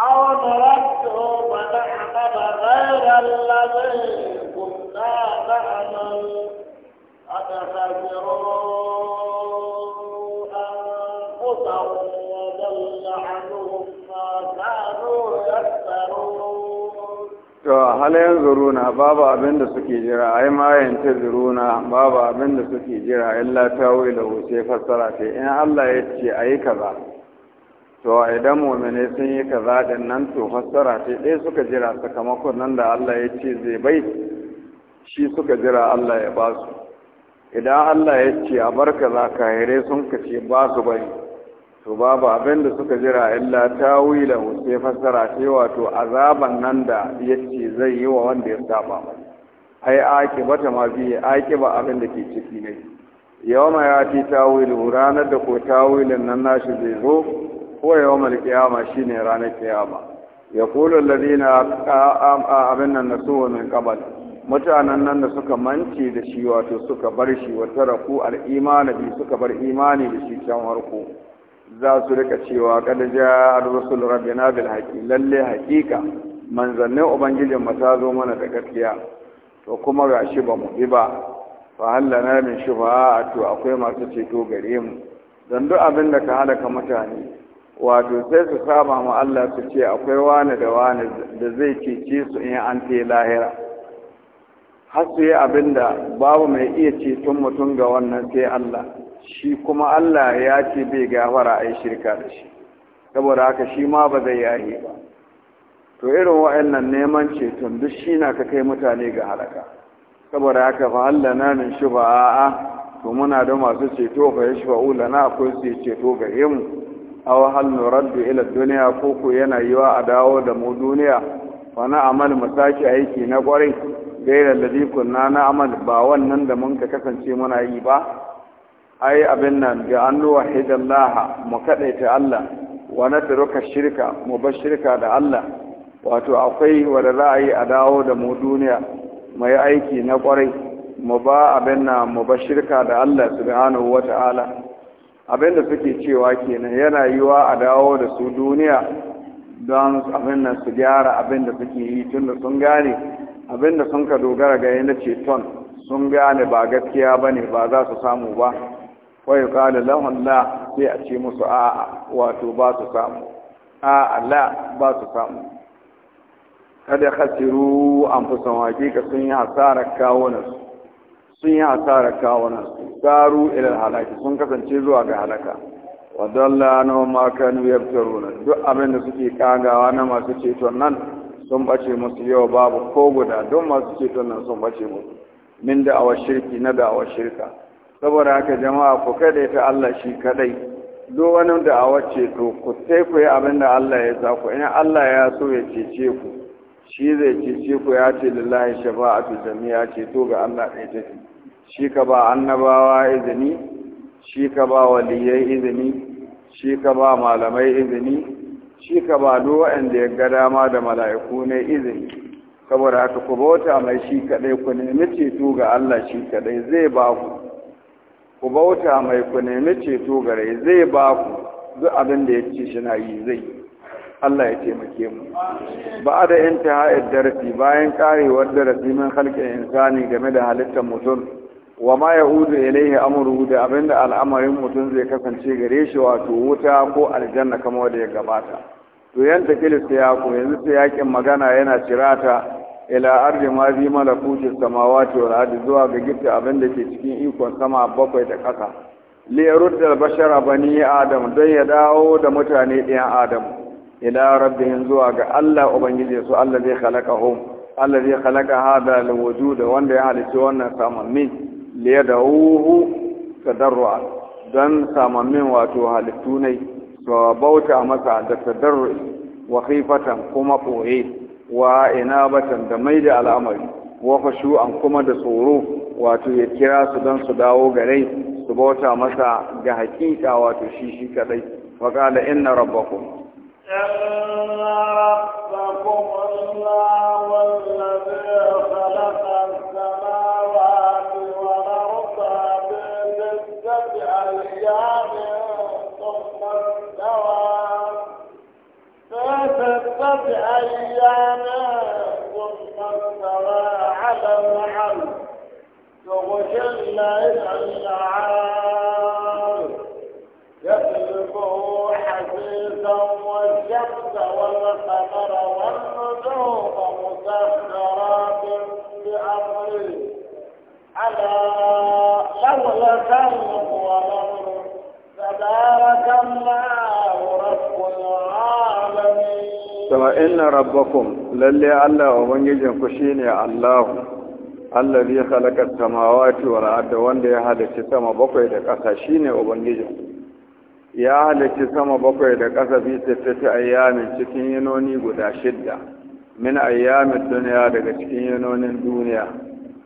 أو نرد فنعمل غير الذي أو نرد فنعمل غير الذي كنا نعمل أتخسرون to halayen zuruna babu abin da suke jira ai ma yanta zuruna babu abin da suke jira illa ta wila sai fassara ta in Allah ya ce ayi kaza to idan mu'mini sun yi kaza din nan to fassara ta dai suka jira sakamakon nan da Allah ya ce zai bai shi suka jira Allah ya ba su idan Allah ya ce a bar kaza kahire sun kace ba su bari to babu abin da suka jira illa ta wila sai fassara sai wato azaban nan da ya ce zai yi wa wanda ya saba ai aki bata ma bi aki ba abin da ke ciki ne yawma ya ti tawilu ranar da ko tawilin nan nashi zai zo ko yawmal qiyama shine ranar qiyama yaqulu alladhina abin nan nasu min qabl mutanen nan da suka mance da shi wato suka bar shi wa taraku al'imani suka bar imani da shi can harko za su rika cewa kada ja al-rasul rabbina bil haqi lalle haqiqa manzannin ubangijin mu ta zo mana da gaskiya to kuma gashi ba mu bi ba fa hallana min shufa'a to akwai masu ceto gare mu dan duk abin da ka halaka mutane wato sai su saba ma Allah su ce akwai wani da wani da zai cece su in an ta lahira har su yi abin da babu mai iya ceton mutum ga wannan sai Allah shi kuma Allah ya ce bai gafara a yi shirka da shi saboda haka shi ma ba zai yahi ba to irin wa'annan neman ceton duk shi na ka kai mutane ga halaka saboda haka fa Allah na nan shi ba a'a to muna da masu ceto fa yashi ula na akwai su ceto ga yin aw hal nuraddu ila dunya ko ko yana yiwa a dawo da mu duniya fa na amal mu aiki na kwarai gaira ladhi kunna na amal ba wannan da mun ka kasance muna yi ba ai abin nan ga an nuwa hidallaha mu kaɗaita Allah wa na taruka shirka mu bar shirka da Allah wato akwai da za a yi a dawo da mu duniya mai aiki na kwarai mu ba abin nan mu bar shirka da Allah subhanahu wata'ala abin da suke cewa kenan yana yiwa a dawo da su duniya don abin nan su gyara abin da suke yi tun da sun gane abin da sun ka dogara ga yana ceton sun gane ba gaskiya ba ne ba za su samu ba wa yi kala lahun la sai a ce musu a'a wato ba su samu a'a la ba su samu kada khasiru an fi son hakika sun yi hasarar kawunansu sun yi saru ila halaki sun kasance zuwa ga halaka wa dalla na ma kanu yabtaruna duk abin da suke kagawa na masu ceto nan sun bace musu yau babu ko guda don masu ceto nan sun bace musu min da awa shirki na da awa shirka saboda haka jama'a ku kada ta Allah shi kadai duk wani da a wacce to ku sai ku yi abin da Allah ya sa ku ina Allah ya so ya cece ku shi zai cece ku ya ce lillahi shafa'atu jami'a ce to ga Allah ɗaya take shi ka ba annabawa izini shi ka ba waliyai izini shi ka ba malamai izini shi ka ba duk waɗanda ya ga dama da mala'iku ne izini saboda haka ku bauta mai shi kadai ku nemi ceto ga Allah shi kadai zai ba ku ku bauta mai ku nemi ceto gare zai ba ku duk abin da ya ce shi na yi zai Allah ya taimake mu ba da intiha'id darasi bayan karewar darasi min halkin insani game da halittar mutum wa ma yahudu ilaihi amruhu da abin da al'amarin mutum zai kasance gare shi wato wuta ko aljanna kamar wanda ya gabata to yanta kilista ya ko yanzu sai yakin magana yana cirata ila ardi ma bi malakuti samawati wal ardi zuwa ga gifta abin da ke cikin ikon sama bakwai da ƙasa li yurda bashara bani adam don ya dawo da mutane ɗayan adam ila rabbihin zuwa ga Allah ubangiji su Allah zai khalaqahum Allah zai khalaqa hada al da wanda ya halicci wannan samammin li yad'uhu tadarrua dan samammin wato halittu ne su bauta masa da tadarru wa khifatan kuma koye wa ina batan da mai da al'amari wa khushu'an kuma da tsoro wato ya kira su dan su dawo gare su bauta masa ga hakika wato shi shi kadai wa qala inna rabbakum inna rabbakum allahu alladhi khalaqa as-samawati wal arda bi sittati ayyamin عدة أيامكم فاستوى على العرش يغشي الليل النهار يسلكه حديثا والشمس والقمر والنجوم مسخرات بأمره على لولا كلب ونمر تبارك الله رب العالمين to inna rabbakum lalle Allah ubangijin ku shine Allah allazi khalaqa samawati wa arda wanda ya halicci sama bakwai da ƙasa shine ubangijin ya halicci sama bakwai da ƙasa bi sittati ayyamin cikin yanoni guda shidda min ayyamin duniya daga cikin yanonin duniya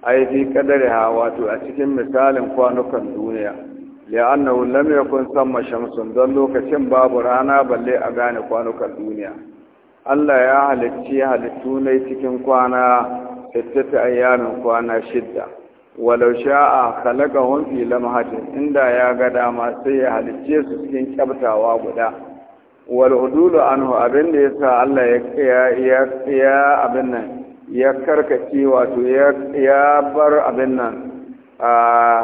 ai fi ha wato a cikin misalin kwanukan duniya la'annahu lam yakun samma shamsun don lokacin babu rana balle a gane kwanukan duniya Allah ya halicci halittu ne cikin kwana sittata ayyamin kwana shidda walau sha'a khalaqa hum fi lamhatin inda ya ga dama sai ya halicce su cikin kyabtawa guda wal hudulu anhu abin da yasa Allah ya ya ya abin nan ya karkace wato ya ya bar abin nan a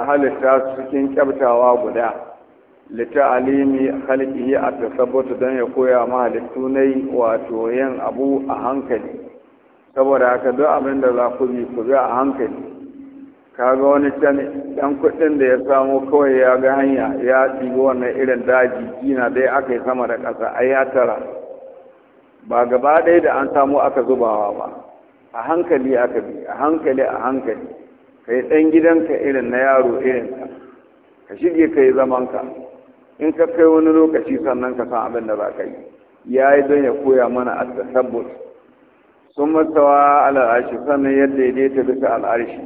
halitta su cikin kyabtawa guda lita'alimi khalqihi a tasabbutu don ya koya ma halittu nai wato yin abu a hankali saboda haka duk abin da za ku bi ku bi a hankali kaga wani can dan kuɗin da ya samu kawai ya ga hanya ya ɗibi wannan irin daji jina dai aka yi sama da ƙasa ai ya tara ba gaba ɗaya da an samu aka zubawa ba a hankali aka bi a hankali a hankali kai ɗan gidanka irin na yaro irin ka shige ka yi zamanka in ka kai wani lokaci sannan ka san abin da za ka yi ya yi don ya koya mana a tasabbus sun matsawa al'arshi sannan yadda ya daidaita bisa al'arshi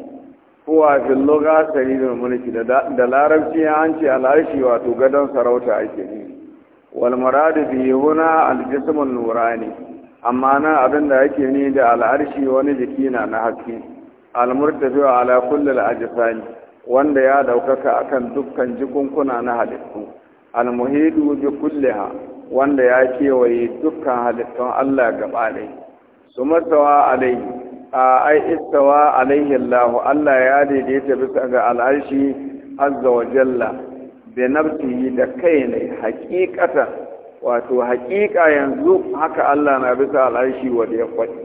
kowa fil loga saririn mulki da larabci ya hanci al'arshi wato gadon sarauta ake ne wal maradu bi huna al lura nurani amma nan abin da yake ne da al'arshi wani jiki na na haske al murtafi ala kulli al ajsani wanda ya daukaka akan dukkan jikunkuna na halittu almuhidu bi kulliha wanda ya kewaye dukkan halittun Allah gaba ɗai su matsawa alaihi a ai istawa alaihi Allah Allah ya daidaita bisa ga al'arshi azza wa jalla bi nafsihi da kai ne hakikatan wato hakika yanzu haka Allah na bisa al'arshi wanda ya kwaci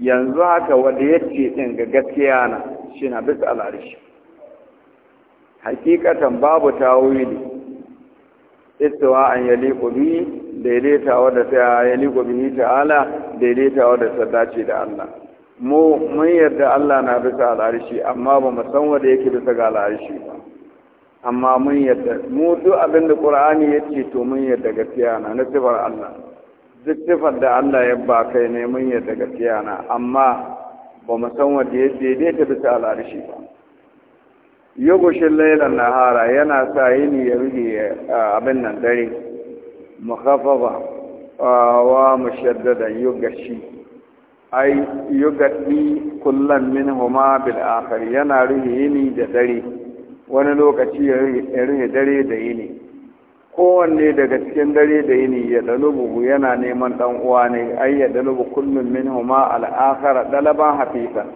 yanzu haka wanda ya ce din ga gaskiya na shi na bisa al'arshi hakikatan babu tawili istiwa an yali bi daidaita wadda a yaliqu bihi ta'ala daidaita wadda ta dace da Allah mu mun yarda Allah na bisa al'arshi amma ba mu san wanda yake bisa ga al'arshi ba amma mun yarda mu duk abin da Qur'ani yake to mun yarda gaskiya na na sifar Allah duk sifar da Allah ya ba kai ne mun yarda gaskiya na amma ba mu san wanda yake daidaita bisa al'arshi ba yugushin lailan nahara yana sa yini ya ruhe abin nan dare mukhafafa wa mushaddadan yogashi ai yogadi kullan min huma bil akhir yana rige yini da dare wani lokaci ya rige dare da yini kowanne daga cikin dare da yini ya dalubu yana neman dan uwa ne ai ya dalubu kullun min huma al akhir dalaban hafifan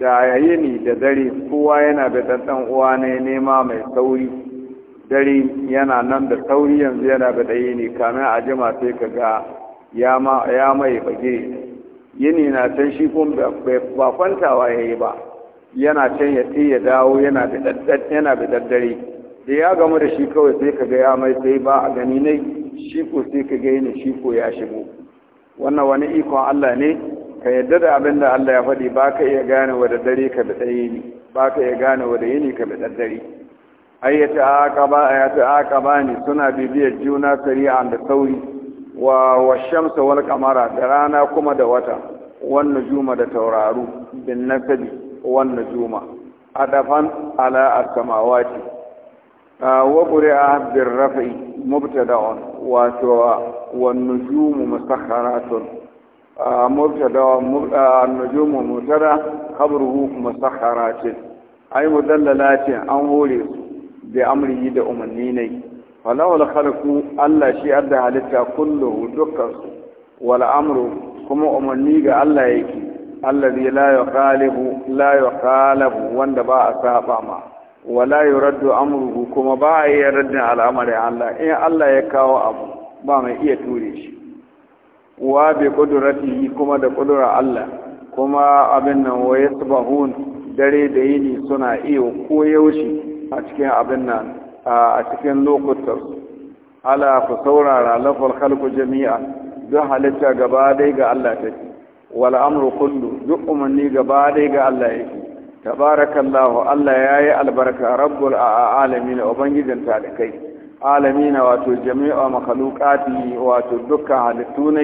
da yini da dare kowa yana da ɗanɗan uwa ne nema mai sauri dare yana nan da sauri yanzu yana da ɗaya ne kamin a jima sai ka ga ya mai bage yini na can shi kun ba kwantawa ya yi ba yana can ya ce ya dawo yana da daddare da ya gamu da shi kawai sai ka ga ya mai sai ba a gani ne shi ko sai ka ga shi ko ya shigo wannan wani ikon Allah ne ka yadda da abin da Allah ya faɗi ba ka iya gane wa da dare ka bi ɗaya ne ba ka iya gane wa da yini ka da dare ai ya aka ba ya aka ba ne suna bibiyar juna sari'an da sauri wa wa shamsa wal da rana kuma da wata Wannan juma da tauraru bin nasabi wan nujuma adafan ala as-samawati wa qura'a rafai, rafi mubtada'un wa wa wan nujumu musakharatun mubtada nujumu mutada kabruhu musakharatin ay mudallalatin an hore su bi amrihi da umarni ne falawal khalqu Allah shi adda halitta kullu dukkan su wal amru kuma umarni ga Allah yake allazi la yukhalifu la yukhalafu wanda ba a saba ma wala yuraddu amruhu kuma ba a yi raddin al'amari Allah in Allah ya kawo abu ba mai iya ture shi wa bi qudratihi kuma da qudrar Allah kuma abin nan wa yasbahun dare da yini suna iyo ko yaushe a cikin abin nan a cikin lokutan ala ku saurara lafal khalqu jami'a da halitta gaba dai ga Allah take wal amru kullu duk umanni gaba dai ga Allah yake tabarakallahu Allah yayi albarka rabbul alamin ubangijin talikai alamina wato jami'a makalukati wato dukkan halittu ne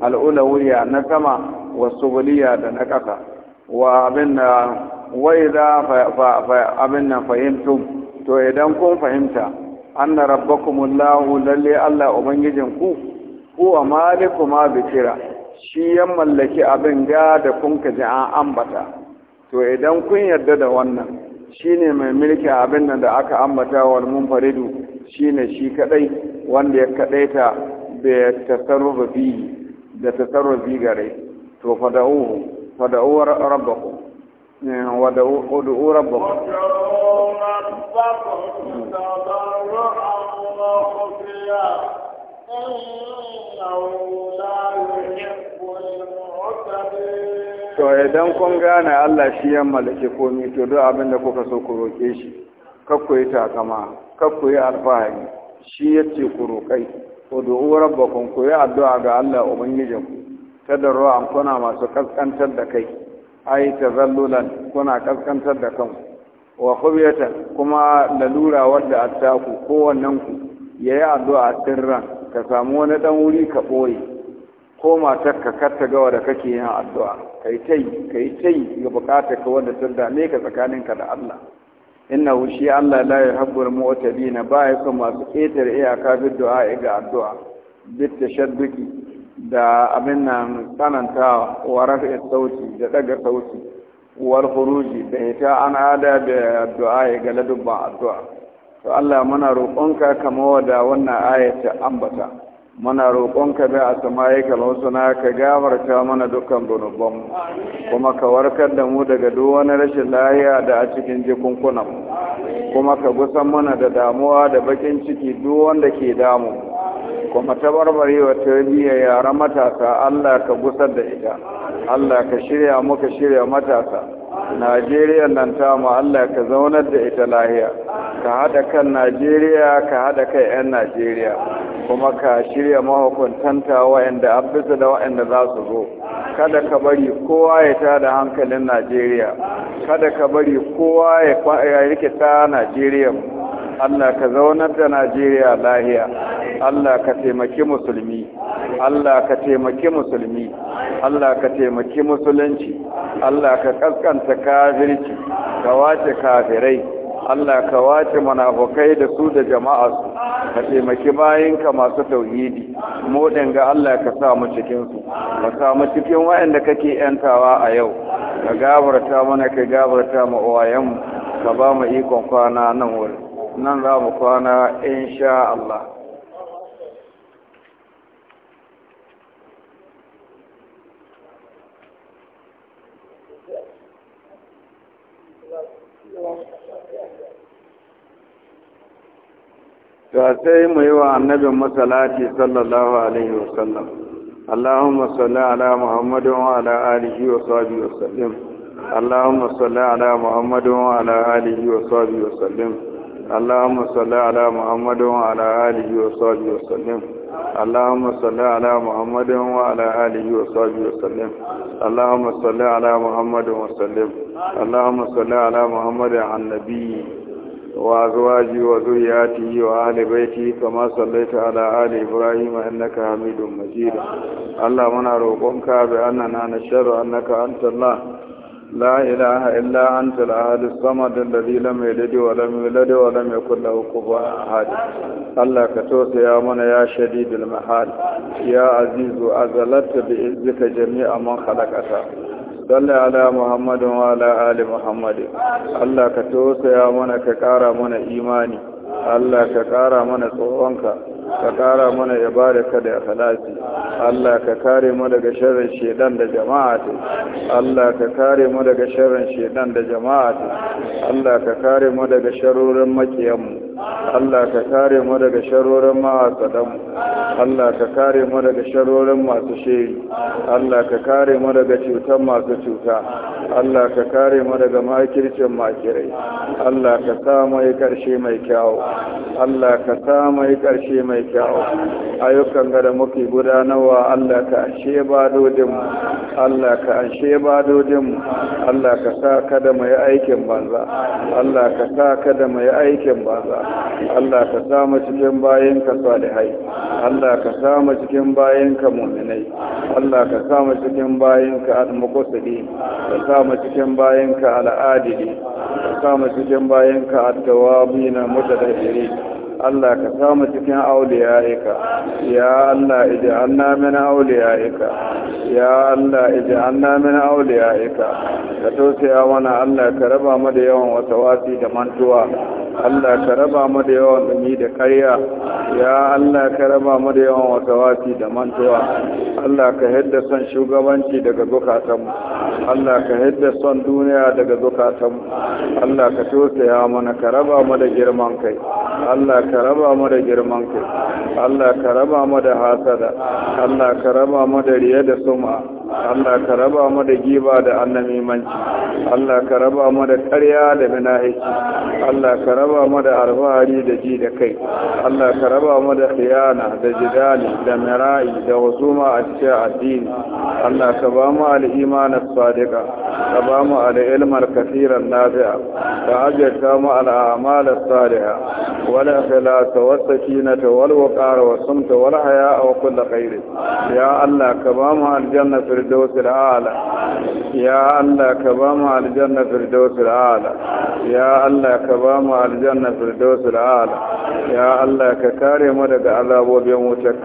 al'ulawiya na sama wa subuliya da na ƙasa wa abin da wai za abin nan fahimtum to idan kun fahimta anna rabbakumullahu lalle Allah ubangijin ku Maliku ma bikira shi ya mallaki abin ga da kun ka ji an ambata to idan kun yarda da wannan shi ne mai mulki abin nan da aka ambata wal munfaridu ne shi kadai wanda ya kadaita da tasarrufi da tasarrufi gare to fada'u fada'u rabbakum eh, wada'u ud'u rabbakum rabbakum tadarru'an wa khufiya To idan kun gane Allah shi ya mallaki komai, to duk abin da kuka so ku roƙe shi, kakku yi takama, kakku yi alfahari, shi ya ce ku roƙai, ku du'u rabbakun ku yi addu'a ga Allah ku. ta da ruwan, kuna masu kaskantar da kai, ai ta zallulan kuna kaskantar da kanku. Wa kubiyatan kuma lalura wadda attaku ku. ya yi addu'a sirran ka samu wani ɗan wuri ka ɓoye ko matar ka karta gawa da kake yin addu'a ka yi tai ka yi tai ga bukatar ka wanda tun dame ka tsakaninka da Allah inna shi Allah la yuhibbul na ba ya son masu ƙetare iyaka bi du'a ga addu'a bit tashadduki da abin nan tsananta wa rafi'a sauti da ɗaga sauti wal khuruji da ita an ada da du'a ga ladubban addu'a to Allah muna roƙonka kama wada wannan ayata ambata muna roƙonka da a samaye kalhusuna ka gafarta mana dukkan zunubanmu kuma ka warkar da mu daga duk rashin lahiya da a cikin jikunkunan kuma ka gusan mana da damuwa da bakin ciki duk wanda ke damu kuma ta barbarewa tarbiyya yara matasa Allah ka gusar da ita Allah ka shirya muka shirya matasa najeriya nan ta mu allah ka zaunar da ita lahiya ka haɗa kan najeriya ka haɗa kan 'yan najeriya kuma ka shirya mahukuntanta wa'anda an bisa da wa'anda za su zo kada ka bari kowa ya ta da hankalin najeriya kada ka bari kowa ya ta najeriya mu Allah ka zaunar da Najeriya lahiya Allah ka taimaki musulmi Allah ka taimaki musulmi Allah ka taimaki musulunci Allah ka kaskanta kafirci ka wace kafirai Allah ka wace munafukai da su da jama'a su ka taimaki bayinka masu tauhidi mu ga Allah ka sa mu cikin su ka sa cikin waɗanda kake yantawa a yau ka gabarta mana ka gabarta mu wayanmu. ka ba mu ikon kwana nan wurin nan za mu kwana in sha Allah ta sai mu yi wa annabin masalati sallallahu alaihi wasallam Allahumma salli ala Muhammadu wa ala alihi wa sahbihi wa sallim Allahumma salli ala Muhammadu wa ala alihi wa sahbihi wa sallim اللهم صل على محمد وعلى آله وصحبه وسلم اللهم صل على محمد وعلى آله وصحبه وسلم اللهم صل على محمد وسلم اللهم صل على محمد عن النبي وأزواجه وذرياته وأهل بيته كما صليت على آل إبراهيم إنك حميد مجيد اللهم نروقك بأننا نشهد أنك أنت الله لا إله إلا أنت الأهل الصمد الذي لم يلد ولم يولد ولم يكن له كفوا أحد الله كتوس يا من يا شديد المحال يا عزيز أزلت بإذك جميع من خلقك صل على محمد وعلى آل محمد الله كتوس يا من كقار من إيماني الله كقار من صوانك ka ƙara mana ka da ikhlasi Allah ka kare mu daga sharrin shedan da jama'a ta Allah ka kare mu daga sharrin shedan da jama'a ta Allah ka kare mu daga sharorin mu. Allah ka kare mu daga sharorin mu. Allah ka kare mu daga sharorin masu shehi Allah ka kare mu daga cutan masu cuta Allah ka kare mu daga makircin makirai Allah ka sa mai karshe mai kyau Allah ka sa mai karshe mai mai kyawu ayyukan gada muke gudanarwa Allah ka ashe badodin Allah ka ashe badodin Allah ka sa kada mu yi aikin banza Allah ka sa kada mu yi aikin banza Allah ka sa mu cikin bayin ka salihai Allah ka sa mu cikin bayin ka mu'minai Allah ka sa mu cikin bayin ka al-muqsidi ka sa mu cikin bayin ka al-adili ka sa mu cikin bayin ka at-tawabin mutadabbirin Allah ka samu cikin auliyaika ya Allah anna min auliyaika ya Allah anna min auliyaika ka tausaya mana Allah ka raba mu da yawan wata wasi da mantuwa Allah ka raba mu da yawan dumi da karya ya Allah ka raba mu da yawan wata wasi da mantuwa Allah ka hidda son shugabanci daga mu. Allah ka hidda son duniya daga mu. Allah ka tausaya mana ka raba mu da girman kai Allah ka raba mu da girman ku. Allah ka raba mu da hasada Allah ka raba mu da riya da sum'a Allah ka raba mu da giba da annamimanci Allah ka raba mu da ƙarya da minahici Allah ka raba mu da alfahari da ji da kai Allah ka raba mu da khiyana da jidali da mira'i da husuma a cikin addini Allah ka ba mu al-imanin sadiqa ka ba mu al-ilmar kafiran nafi'a ka ajirta mu al-a'mal as-saliha wal ikhlas was sakinata wal waqar wa sumt wal haya wa kull khair ya Allah ka ba mu aljanna firdaus الفردوس الأعلى يا الله كبام على الجنة الفردوس الأعلى يا الله كبام على الجنة الفردوس الأعلى يا الله ككاري مدد عذاب وبيموتك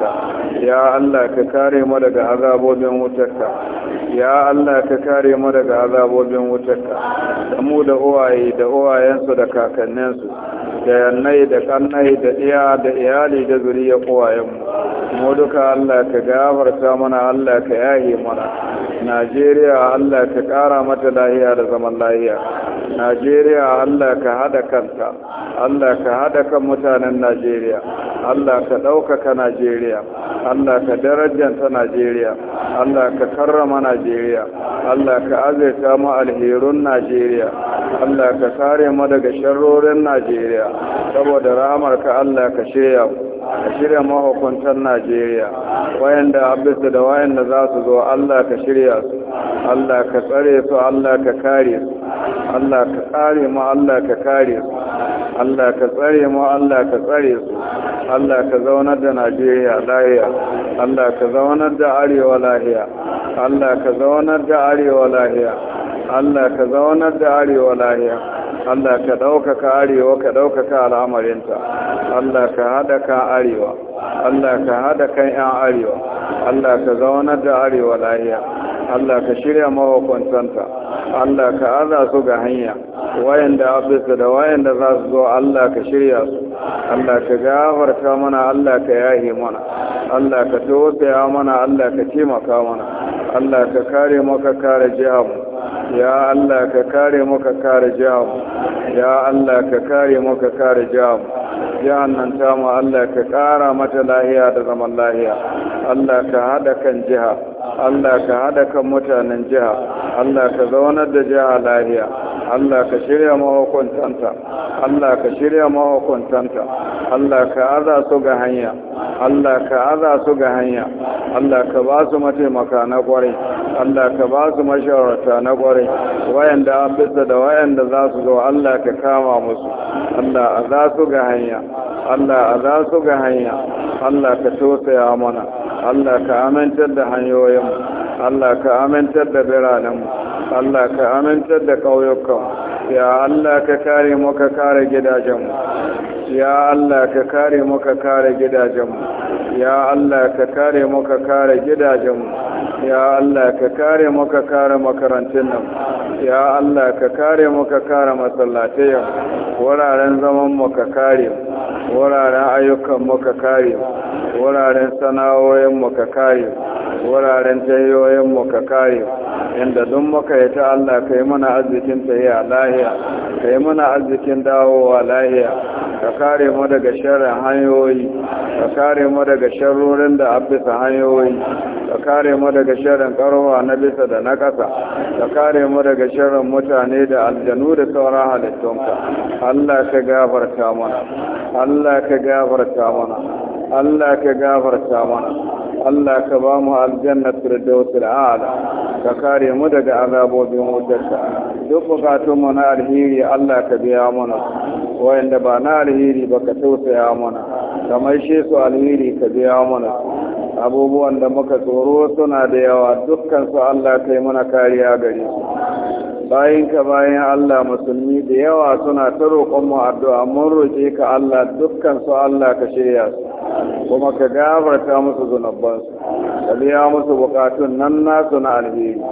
يا الله ككاري مدد عذاب وبيموتك ya Allah ka kare mu daga azabobin wutarka da mu da uwaye da uwayensu da kakanninsu da yannai da kannai da iya da iyali da zuriya uwayenmu mu duka Allah ka gafarta mana Allah ka yaye mana Najeriya Allah ka ƙara mata lahiya da zaman lahiya Najeriya Allah ka haɗa kanta Allah ka haɗa kan mutanen Najeriya Allah ka ɗaukaka Najeriya Allah ka ta Najeriya Allah ka karrama Najeriya Allah ka azirta mu alherun Najeriya Allah ka kare mu daga sharrorin Najeriya saboda ramarka Allah ka shirya mu ka shirya mahukuntan Najeriya wayanda abisa da wayanda za su zo Allah ka shirya su Allah ka tsare su Allah ka kare su Allah ka tsare mu Allah ka kare su Allah ka tsare mu Allah ka tsare su Allah ka zaunar da Najeriya lahiya Allah ka zaunar da Arewa lahiya Allah ka zaunar da Arewa lahiya Allah ka zaunar da Arewa lahiya Allah ka ɗaukaka arewa ka ɗaukaka al'amarinta Allah ka haɗa kan arewa Allah ka haɗa kan 'yan arewa Allah ka zaunar da arewa lahiya Allah ka shirya mahukuntanta Allah ka aza su ga hanya wayanda abisa da wayanda za su zo Allah ka shirya su Allah ka gafarta mana Allah ka yahe mana Allah ka tausaya mana Allah ka taimaka mana Allah ka kare maka kare jihar mu ya Allah ka kare mu ka kare jihar ya Allah ka kare mu ka kare jihar jihar nan ta mu Allah ka kara mata lahiya da zaman lahiya Allah ka hada kan jiha Allah ka hada kan mutanen jiha Allah ka zaunar da jiha lahiya Allah ka shirya mahukuntanta Allah ka shirya mahukuntanta Allah ka aza su ga hanya Allah ka aza su ga hanya Allah ka ba su mataimaka na kwarai Allah ka ba su masharata na kwarai wayanda an bisa da wayanda za su zo Allah ka kama musu Allah a za su ga hanya Allah a za su ga hanya Allah ka tosaya mana Allah ka amintar da hanyoyinmu Allah ka amintar da biranenmu Allah ka amintar da ƙauyukan ya Allah ka kare mu ka kare gidajenmu ya Allah ka kare mu ka kare gidajenmu ya Allah ka kare mu ka kare gidajenmu ya Allah ka kare mu ka kare makarantun nan ya Allah ka kare mu ka kare masallatai wuraren zaman mu ka kare mu wuraren ayyukan muka kare wuraren sana'o'in muka kare wuraren jayoyin muka kare inda duk muka yi ta Allah ka yi mana arzikin a lahiya ka yi mana arzikin dawowa lahiya ka kare mu daga sharrin hanyoyi ka kare mu daga sharrorin da abisa hanyoyi ka kare mu daga sharrin karowa na bisa da na ƙasa ka kare mu daga sharrin mutane da aljanu da sauran halittunka Allah ka gafarta mana Allah ka gafarta mana Allah ka gafarta mana Allah ka ba mu a'la ka kare mu daga azabobin wutarka duk bukatun mu na alheri Allah ka biya mana wayanda ba na alheri ba ka tausaya mana ka maishe su alheri ka biya mana abubuwan da muka tsoro suna da yawa dukkan su Allah kai mana kariya gare su bayan ka bayan Allah musulmi da yawa suna ta roƙon mu addu'a mun roƙe ka Allah dukkan su Allah ka shirya su kuma ka gafarta musu zunubansu ka biya musu bukatun nan nasu na alheri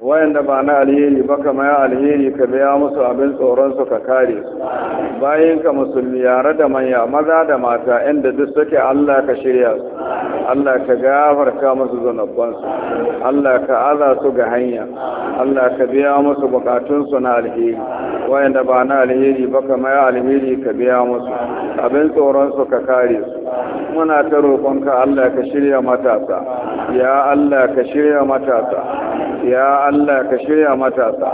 wayanda ba na alheri ba kama ya alheri ka biya musu abin tsoronsu ka kare su bayan ka musulmi yare da manya maza da mata inda duk suke Allah ka shirya su Allah ka gafarta musu zunubansu Allah ka aza su ga hanya Allah ka biya musu bukatunsu na alheri wayanda ba na alheri ba kama ya alheri ka biya musu abin tsoronsu ka kare su muna ta roƙonka Allah ka shirya matasa ya Allah ka shirya matasa ya Allah ka shirya matasa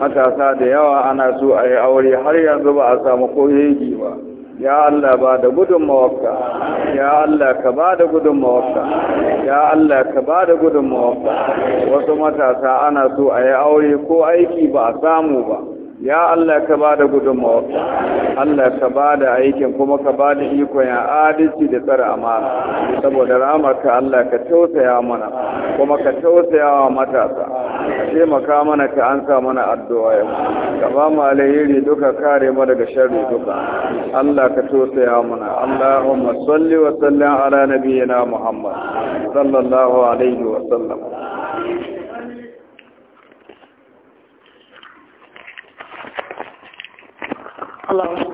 matasa da yawa ana so a yi aure har yanzu ba a samu koyegi ba ya Allah ba da gudun mawafka ya Allah ka ba da gudun mawafka ya Allah ka ba da gudun mawafka wasu matasa ana so a yi aure ko aiki ba a samu ba ya Allah ka ba da gudunmawa Allah ka ba da aikin kuma ka ba da ikon ya adalci da tsara amana saboda ramarka Allah ka tausaya mana kuma ka tausaya wa matasa ka taimaka mana ka ansa mana addu'a yau ka ba mu alheri duka kare mu daga sharri duka Allah ka tausaya mana Allahumma salli wa sallim ala nabiyyina Muhammad sallallahu alaihi wa sallam Hello